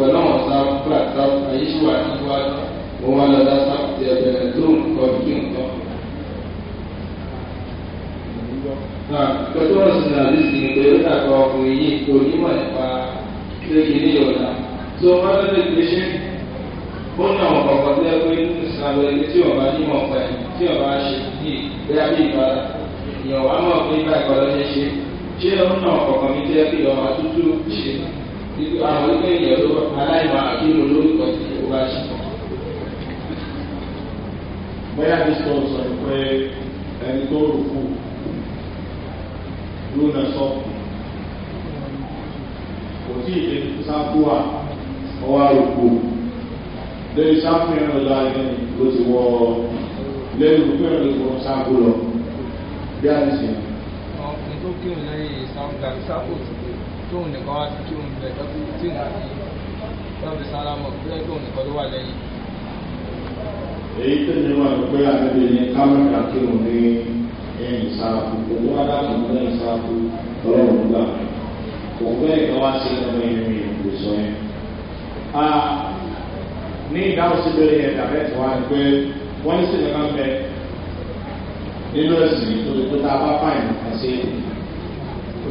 pẹ̀lú àwọn sáfúrà sáfù ayéṣùwà níwá òun wà lọ́dá sáfù ti ẹ̀bẹ̀rẹ̀ tó nǹkan kí nǹkan. pẹ̀lú ọ̀rọ̀ sinmi àti sinmi pé ó dàgbà ọkùnrin yìí kò nímọ̀ nípa lókè ní ìyọ̀dá tó wọ́n lọ́dọ̀ ìgbé ṣe ó ní àwọn ọ̀pọ̀ tó yẹ pé nínú ìsàlọ̀ ilé tí ọba nímọ̀ pa ẹ̀ tí ọba ṣe bíi bóyá bíi ìbára ìyọ̀wá mọ̀ pé báyìí kọ́ lọ́ ṣe ṣe ṣé ó ní àwọn ọ̀pọ̀ kan mi tó nínú àwọn ilé ìyẹn ló aláìmọ àbínú lórúkọ tí ó bá ṣe. bóyá bí sọ sọ pé ẹni tó rò kù ló na sọ kò tí ì lè sáfù wa ọwọ́ àròkù lórí sáfù yẹn lọ́la ẹni ló ti wọ lẹ́yìn òkú yẹn ló ti sáfù lọ bí a ti ṣe. ọkùnrin tó kírun lẹ́yìn sáfù gàdúrà sáfù tó tóun nìkan wá kí òun bẹ̀ tọ́kù tí nà ní tọ́bi sálámọ̀ tó yẹ kóun nìkan ló wà lẹ́yìn. èyí tó ní wà pé àgbẹ̀dẹ ní kámẹ́rà kí òun ní ẹ̀yìn sáàpù òun wá láti mú ẹ̀yìn sáàpù lọ́rùn gbà òun bẹ́ẹ̀ kan wá sí ọmọ ẹ̀yìn ìgbésọ yẹn. ní ìdáhùn síbẹ̀rẹ̀ yẹn dàbẹ́ tí wá pé wọ́n ní sílẹ̀ máa ń nínú ẹ̀sìn tó tá a bá fáìn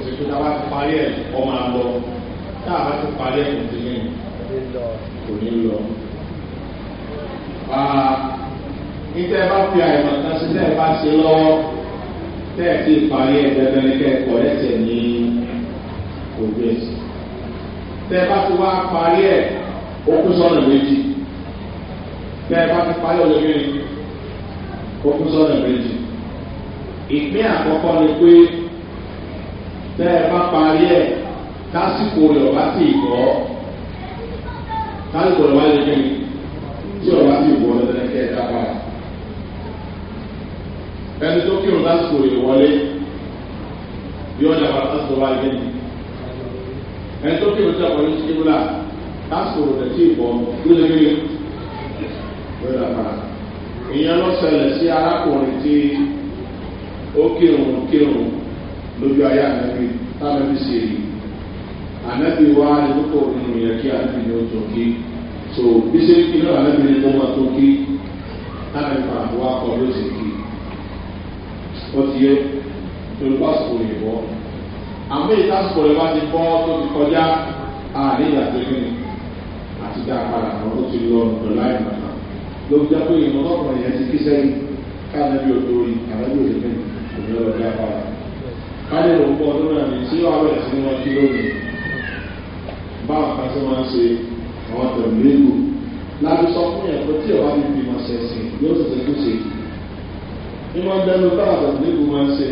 ṣe pé táwa ti parí ẹ̀ ọmọ àlọ́ táwa ti parí ẹ̀ kò tẹ̀lé kò ní lọ. Ah, Nítẹ́ bá fi àìmọ̀ kan sí tẹ́ ẹ bá ṣe lọ́wọ́ tẹ́ ẹ ti parí ẹ̀ dandan ní kẹ́kọ̀ọ́ ẹ̀sẹ̀ ní òbí Tẹ́ bá ti wá parí ẹ̀ ó kú sọ́nà méjì. Tẹ́ bá ti parí ọ̀lẹ́mìíràn ó kú sọ́nà méjì. Ìpín àkọ́kọ́ ni pé tẹ́ ẹ bá parí ẹ̀ tásìkò rẹ̀ ọ̀bá sì gbọ́ tásìkò rẹ̀ wá lè gbé tí ọ̀bá sì gbọ́ lọ́dẹ̀ kẹ́ ẹ dábàá ẹni tó kírun lásìkò rẹ̀ wọlé yóò dábàá tásìkò wá lè gbé ẹni tó kírun tí ọ̀pọ̀ yóò ti kébùlà tásìkò rẹ̀ sì gbọ́ yóò lè gbé yóò dábàá ìyẹn lọ sẹlẹ̀ sí arákùnrin tí ó kírun kírun lójú ayé ànábì tánábì ṣe èyí ànábì wá ìdókò nínú yẹn kí ànábì ní ojú kí so bí ṣe kí náà ànábì ní kọ́mọ tó kí tánábì fà wá kọ́ ló ṣe kí ó ti yẹ olùpàṣẹ òyìnbó àmì ìtàsùpọ̀ rẹ̀ bá ti bọ́ tó ti kọjá àárín ìyàtọ̀ ní àti dá padà àwọn tó ti lọ ọ̀dọ̀ láì màmá ló fi jẹ́ pé yẹn ti kí sẹ́yìn káàdébí òdòrí àdájọ́ òdòrí òdòrí ọ̀dọ́ apára káyọ̀ ló ń bọ́ ọdún náà ni, tí wàá bẹ̀rẹ̀ sí ní wọ́n kí lónìí báwa ká sí wọ́n ṣe àwọn tẹ̀lé ìlú láti sọ fún yẹn pé tí ọba mi fi máa ṣẹ̀sìn yóò ṣẹ̀ṣẹ̀ tó ṣe ní wọ́n dẹnu táwọn tẹ̀lé ìlú máa ń ṣe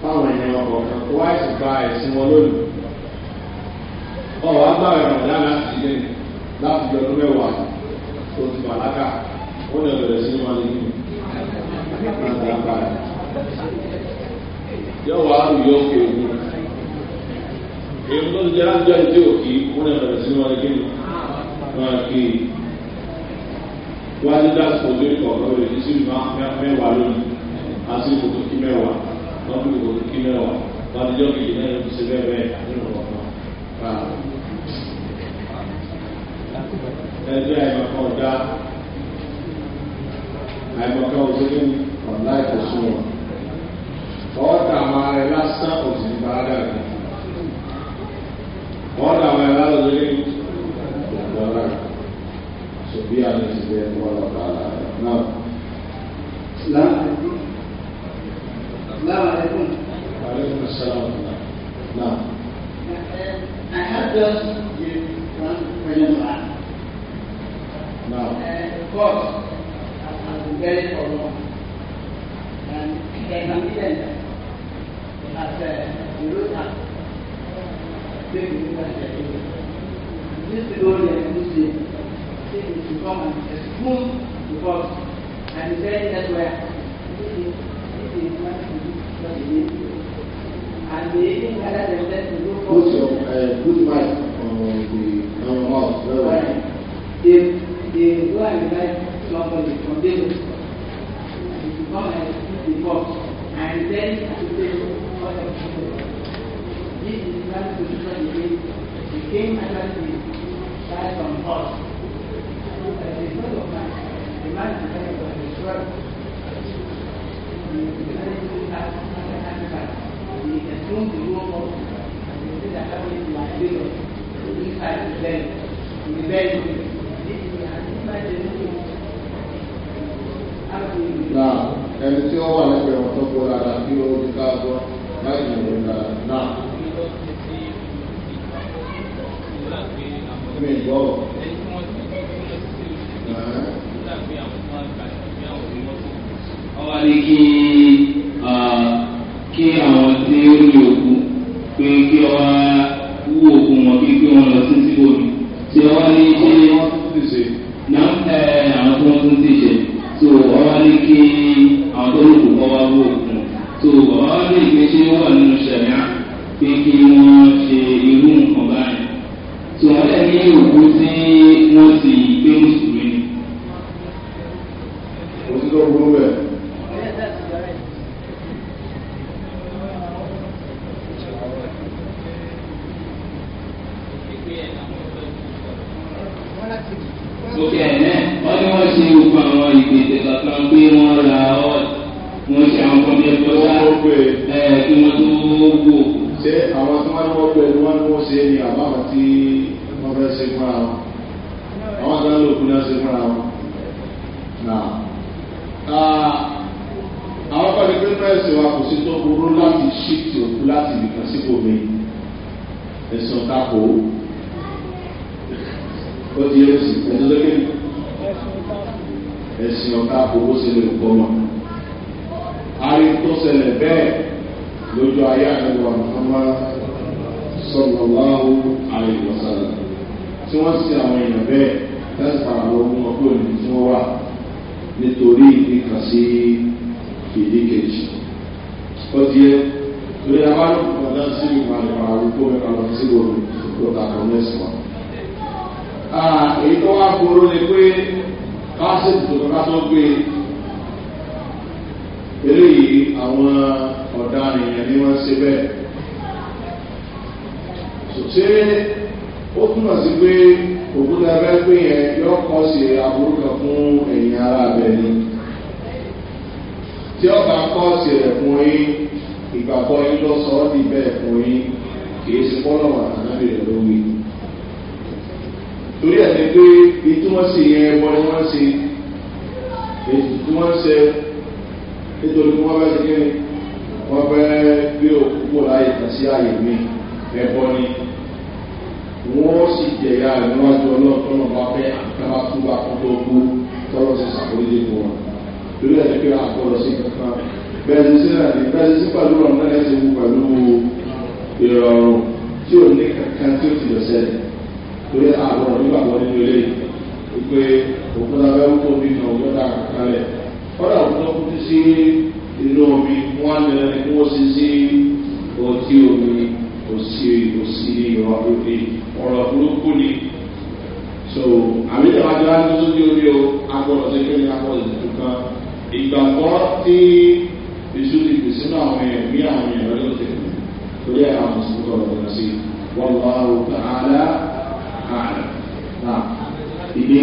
táwọn èèyàn ọkọ̀ kan kó wá ìsìn gba ẹ̀sìn wọn lónìí ọ̀rọ̀ agbára ìrọ̀lá láti ilé láti jọ ọdún mẹ́wàá tó ti bàlágà ó lè bẹ̀rẹ̀ sí wọn lé yọ yo ke? yọ òkè òkú èyí tó ti jẹ́ lájọ́ ìdí òkè wọ́n yẹ bẹ̀rẹ̀ sínú ọdún kíni wọn kì í wọ́n á ti dá sọ̀rọ̀ lórí kọ̀ọ̀kan rẹ̀ ní sílùú mẹ́wàá lónìí àti ìkòkò kí mẹ́wàá wọ́n fi ìkòkò kí mẹ́wàá wọ́n ti jọ́ kejì náà ló ti ṣe bẹ́ẹ̀ bẹ́ẹ̀ nínú ọ̀kan ọ̀dá àìmọ̀kan òṣèlú ọ̀la ìkọ̀sùn ọ̀ọ́dà máa rẹ lásán òsì ní bàádà rẹ ọ̀ọ́dà máa rẹ lásán lórí ìjọba sòbí àti ìṣẹ̀lẹ̀ ọlọ́dà náà. Láwọn ẹ̀kún. Àlékún sálàmù náà. Náà. I had just give one question back. Now, uh, of course, I'm very for long. And there can be an àtẹ ìlú náà gbé ìlú náà jẹ ìlú. Níbi lórí ẹni ṣe ṣe ìṣùkọ́ mọ̀ ẹ̀sùn ìbọ̀ àdìsẹ́ ẹ̀dẹ́gbẹ́ níbi ìgbà tó ń bọ̀ ìlú. Àgbèyé ní alájẹ̀dẹ́ ìlú kọ́. Put your uh, put on the on mouth If they go and invite somebody from David to come and see box and then to pay for the This is not to be the came under the side on us. As a son of man, the man decided to destroy the humanity has another handicap. He is assumed to go up and he said that happened to my failure. So he started to rebel. He rebelled. This is the anti-Semitism na ẹni tí ó wà lẹ́gbẹ̀ẹ́ wọn tó gbó dada kí ó ti ká gbọ́ láì ní náà. mi gbọ́ ọ. kí kí àwọn tí ó ní òkú pé kí ọba wú òkú wọn kí kí wọn lọ sí síbòmí ṣe náà àwọn tí tún ti ṣe. àwọn tó lù kọ́ wá wó òkun tó bàbá wá lè gbé tí wà nínú sẹ̀míà pé kí wọ́n. fún yín ìgbàgbọ́ yín ló sọ ọ́ di bẹ́ẹ̀ fún yín kìí ṣe bọ́lọ̀ wà lábẹ́ rẹ̀ lórí. torí ẹ̀ ni pé ètò wọn sì yẹ ẹbọ ni wọ́n ṣe ètò tí wọ́n ṣe nítorí wọ́n bá ṣe kíni wọ́n fẹ́ gbé òkú pò láyè kan àyè mi ẹbọ ni wọ́n sì jẹ̀yà ìwájú ọlọ́ọ̀tọ́ náà bá fẹ́ àkàrà túbà kó tó kú tọ́lọ́ sí sàkóyé fún wọn torí ẹ̀ ni pé àgbọ̀lọ́ sí kankan bẹ́ẹ̀ni sí náà ní bẹ́ẹ̀ni sí pẹ̀lú ọ̀run náà ẹ̀sìn wù pẹ̀lú ìrọ̀rùn tí ò ní kankan tí ó ti lọ sẹ́lẹ̀ torí àwọn ọ̀rọ̀ nígbàgbọ́ nínú ilé wípé òkú náà fẹ́ wúkọ́ bí náà ọjọ́ náà kalẹ̀ kọ́dà òkú náà kúti sí inú omi wọ́n á nira ní kí wọ́n sì sí ọtí omi òsì òsì ìrọ̀ òde ọ̀rọ̀ burúkú ni so àmì ìdáwájú á ní sójú omi o agbọ̀dọ̀ sí kí ni agbọ̀dọ̀ sí tuntun ìgbàgbọ́ tí èso ti pè sínú àwọn ẹ̀mí àwọn ẹ̀rọ lọ́tẹ̀ torí àwọn mùsùlùmí ọ̀rọ̀ lọ sí wọn lọ àwọn tààlà àlà náà ìdè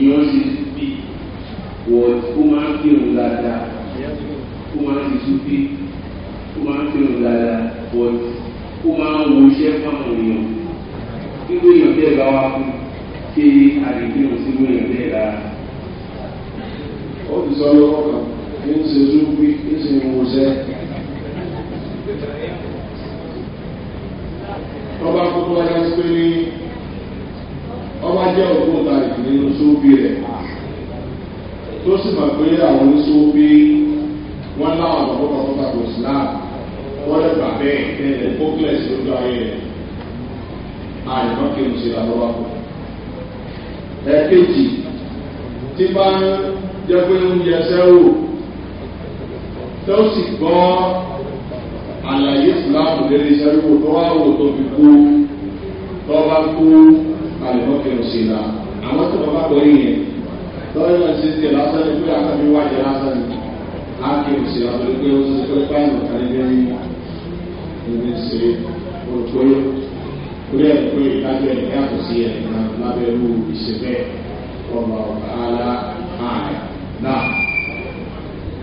ìyọ́n sì bí wọ́n ó máa ń fi òun dáadáa ó máa ń fi sùn bí ó máa ń fi òun dáadáa wọ́n ó máa ń wo iṣẹ́ fáwọn èèyàn nínú èèyàn bẹ́ẹ̀ bá wá fún ṣé àdìgbé òsínú èèyàn bẹ́ẹ̀ dáa ó ti sọ lọ́wọ́ kan ń ṣe zúgbí ń ṣe ìwòsẹ́ ọba kókó ọjà ti pé ní ọba jẹ́ ògbóǹtarìkì nínú sóbì rẹ̀ tó sì mọ̀ pé àwọn oníṣòwòbí wọn láwọn àbọ̀bọ̀ kan tó tàbí islam wọ́n lè gbà bẹ́ẹ̀ ẹ̀ẹ́dẹ̀ fókìlẹ̀sì lójú ayé rẹ̀ àìmọ́ kí n ṣe lọ́wọ́ kù. ẹ̀ẹ́kejì tí bá ń pé ń yẹ tó sì gbọ́ àlàyé ìsìláàmù lérí iṣẹ́ wíwò tó wá wò tó fi kú tó bá kú àlùmọ́kẹ́rù sí la àwọn tó bá gbọ́ yìnyín lọ́yìn náà ṣe tiẹ̀ lásán ni pé àtàbí wájẹ lásán ni á kí o sì àtàbí pé ó ṣe pé báyìí nǹkan níbi ní ṣe òtò yẹ orí pé ìdájọ́ ẹ̀ yàtọ̀ sí ẹ̀ náà lábẹ́ ìṣẹ̀fẹ́ ọmọ ọ̀gá alá ààrẹ náà.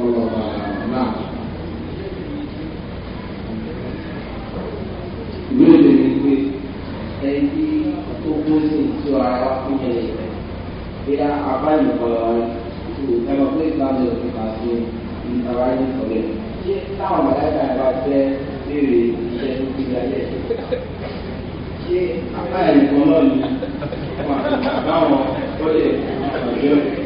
والله تعالى نعم ìbéèrè mi pé ẹni tí tó kó sí tí ara wa fún ẹ bóyá abá ìkọlọ wa tó ẹnu pé ìgbàlè òfin máa ṣe ìtara ní ìkọlẹ ṣé táwọn mọlẹ́ta ẹ bá fẹ́ béèrè iṣẹ́ tó fi ayé ṣe abá ìkọlọ ni wọn àbáwọn tó lè ṣàgbéyẹ̀wò.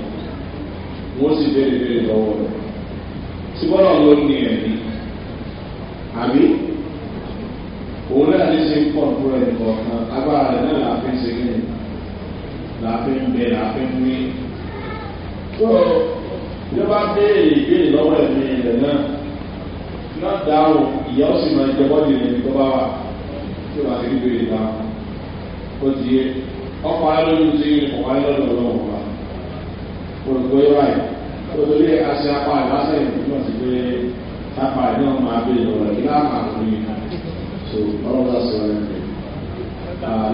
wọ́n sì bẹ́ẹ̀ bẹ́ẹ̀ lọ́wọ́ rẹ̀ tí bọ́lá ló ní ẹ̀mí àbí òun náà ní ṣe ń pọ̀ tó rẹ̀ kọ̀ọ̀kan agbára rẹ̀ náà láfi ń ṣe kíni láfi ń bẹ láfi ń wí. tó ló bá béèrè ìbéèrè lọ́wọ́ ẹ̀mí rẹ̀ náà náà dáhùn ìyá ó sì máa jẹ bọ́ọ̀dì rẹ̀ tó bá wà tó bá ti béèrè dáhùn ó ti yé ọkọ̀ ayélujára ti ọkọ̀ ayélujára lọ́wọ́ wa olùkọ́ yóò ráyè olórí àti apá ìbáṣẹ ìdúró ti pé apá ìdúró máa gbé ìrọ̀lẹ́ kí láàpá fún yín so all that sort of thing.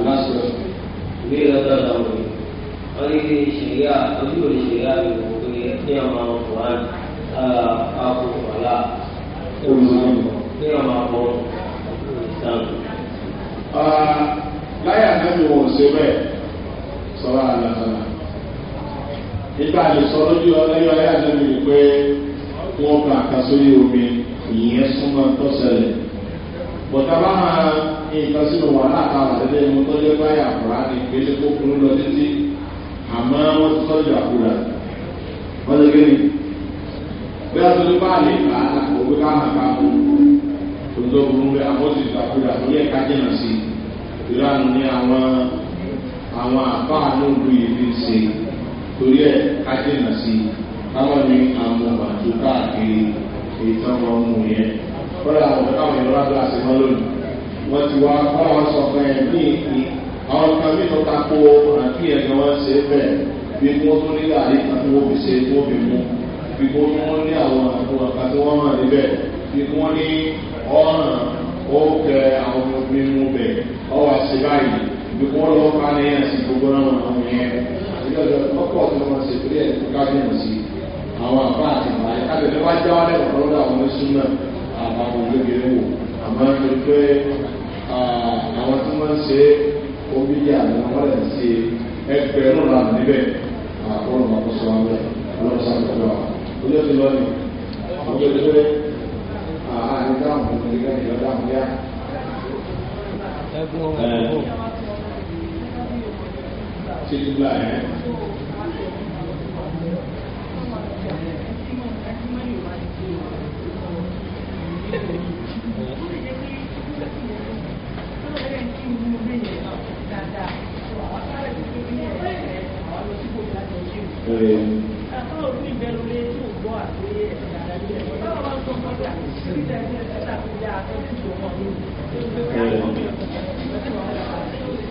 last question. ìwé ìrọ̀lẹ́ ọ̀dà wò ni wọ́n ní kí ṣèyá ojú òní ṣèyá mi wò pé ní ọmọ ọkùnrin àpò ọ̀la ní ọmọ ọkọ ìsàmù. láyà náà ni wọ́n ṣe bẹ́ẹ̀ sọ́ra àlàkàlà nígbà lè sọ lójú ọlẹ́yọ ayé àdébí ni pé wọ́n gba àkàsórí omi ìyẹn súnmọ́ tọ́sẹ̀lẹ̀ bọ̀tà bá máa nǹkan sínú wàhálà àtàwọn àtẹ́lẹ́ mu tó lé báyà àkùrá ni ìpele tó kúrú lọ títí àmọ́ wọ́n ti tọ́jú àkùrá wọ́n lé gẹ́gẹ́ bí wọ́n ti bá lè bá àkókò káwọn àbámu tó ń tó burú bẹ́ẹ̀ àbọ̀tì àkùrá tó yẹ ká jìnnà sí ìlànà ní àwọn àwọn àbá àlóòdù torí ẹ̀ kájínà sí káwọn ní àwọn àti káàkiri èyí tán wọn mú yẹn kọ́lá àwọn káwọn ìlú rábíà sí wọn lónìí wọ́n ti wá báwọn sọ fún ẹ ní ìpín àwọn kan bí tó tako àti ẹ̀gbọ́n wọn ṣe é bẹ́ẹ̀ bí wọ́n tún ní àyè kan tí wọ́n fi ṣe wọ́n fi mú bí wọ́n tún ní àwọn àwọn kan tí wọ́n hàn níbẹ̀ bí wọ́n ní ọ̀ràn ó kẹ àwọn ọmọ mímú bẹ̀ ọ wá ṣe báyìí bí wọ́n lọ́ọ́ pa ní ẹ̀sìn gbogbo náà wọn àwọn yẹn ìjọba ọ̀pọ̀ tí wọ́n ṣe pé ẹ̀ ká bẹ̀rù sí àwọn àbá àti ìbáyé kábẹ̀rẹ̀ wá já wálẹ̀ ọ̀pọ̀lọpọ̀ àwọn oṣùnà àbàwọ̀ olóbìnrin wò àmọ́ ní pé àwọn tí wọ́n ṣe omi yà ní wọ́n lè ṣe ẹgbẹ̀rún rà níbẹ̀ àkọ́rọ̀ àkóso àwọn ọlọ́sàkọ́lọ́ ọjọ́ ti lọ́nà ọjọ́ ti pé àárín ṣe jùlọ ẹ̀.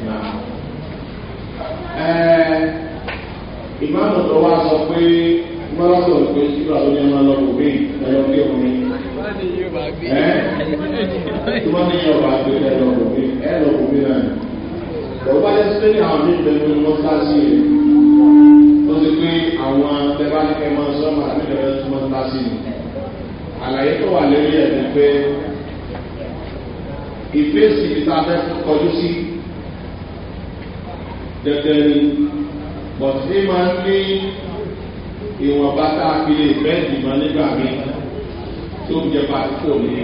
Nah ìmáàmù tó wá sọ pé mọ́lá sọ̀rọ̀ pé síbà tó ní ọmọ lọ́wọ́ bí ẹ̀yọ́ bí omi. ìwọ́n ní ọba gbé ẹ̀yọ́ omi ẹ̀yọ́ omi náà. ọba yẹn ti ní àwọn mímu pẹ̀lú mọ́tàsí rẹ̀ ó ti pé àwọn tẹ́lá ní kẹ́ máa sọ́mà nígbàdàn tó mọ́tàsí rẹ̀. àlàyé tó wà lórí ẹ̀ ni pé ìfésì ìta fẹ́ kọjú sí dandan ni bọ̀sí máa ń ní ìwọ̀nba tá a fi lè fẹ́ ìdìbò nígbà mi tó jẹba kò ní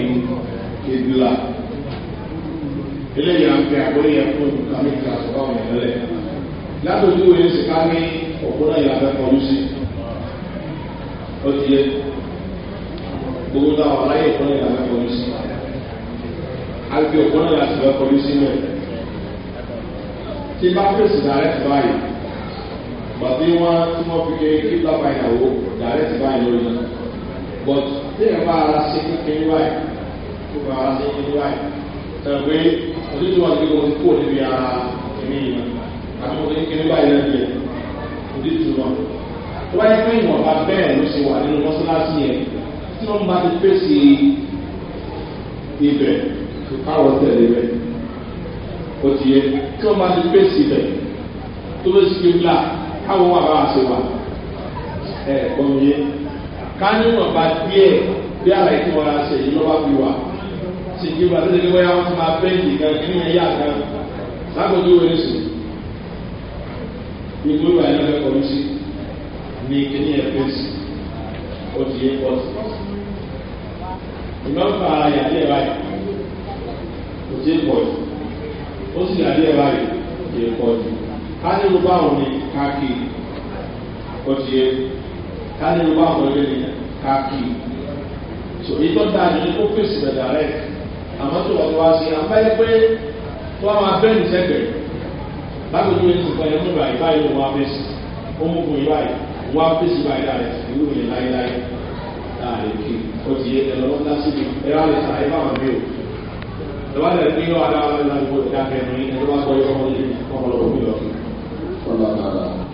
ìdúrà eléyìí à ń bẹ àgbóyè fún kàmí kàṣọ báwọn yẹn lẹ látòjú wo yẹn sì ká ní òkúta yìí abẹ kọlu sí ó ti yẹ gbogbo táwọn aláyè òkúta yìí abẹ kọlu sí àgbẹ̀ òkúta yìí abẹ kọlu sí mẹ́rin tí bá fèsì dàrẹ́tì báyìí gbàtí wọn tí wọn fi kéé kí bá báyìí àwò dàrẹ́tì báyìí lórí náà but tí ẹ bá ara ṣe kékeré báyìí tó bá ara ṣe kékeré báyìí tẹ̀wé onídìí wọn ti gbogbo kó níbi ara ẹ̀mí yìí àti mo ti kékeré báyìí lẹ́nu yẹn onídìí wọn tó bá yẹ pé ìwọ̀nba bẹ́ẹ̀ ló ṣe wà nínú mọ́ṣáláṣí yẹn tí wọ́n bá ti fèsì ibẹ̀ tó káwọ́ tẹ̀lé bẹ́ẹ̀ o ti yẹ tí wọ́n bá ti pèsè ibẹ̀ tó bá ti gbégbá káwọn wà bá a ṣe wà ẹ̀ ọ̀hún yẹ ká ní wọn bá díẹ̀ bí àlàyé tí wọn ṣe yìí lọ́wọ́ fi wà sì kí wọn àti ẹgbẹ́ wọn ti máa bẹ́ẹ̀lì gan kí wọ́n yá gan lágbàdo wọlé sùn ní gbogbo àyàn fẹ́ kọ́ni sí ní kíní ẹ̀ pèsè ó ti yẹ pọ́sì ìmọ̀ ń fa àyà díẹ̀ báyìí kò tí ì pọ̀ yìí ó sì dàbí ẹ̀rọ ayò yẹ pọ̀ jù ká nínú báwọn ni káàkiri ó ti yẹ ká nínú báwọn ni káàkiri so ìtọ́ da ni kó fèsì bẹ̀dà rẹ̀ àmọ́ tó wà tó wá sí abáyé pé tó wà máa bẹ́ẹ̀ ní sẹ́gbẹ̀ẹ́ báwo ni o ti gbọ́ ẹ̀mú ìgbà ìbá yìí wọ́n á fèsì ó mú fún ìbá yìí wọ́n á fèsì ìbá yìí láàrẹ̀ ìlú yìí láéláé láàrẹ̀ kí ó ti yẹ ẹ̀rọ lọ́dá síbi ẹ̀rọ àlẹ́ sàrẹ́ báwọn bí o lo tío tí yóò wá dáwọ́ lẹ́nu àgbo ìdákẹ́ mi ẹni wá sọ yóò kọ́ lójú kọ́ lọ́wọ́ mi lọ.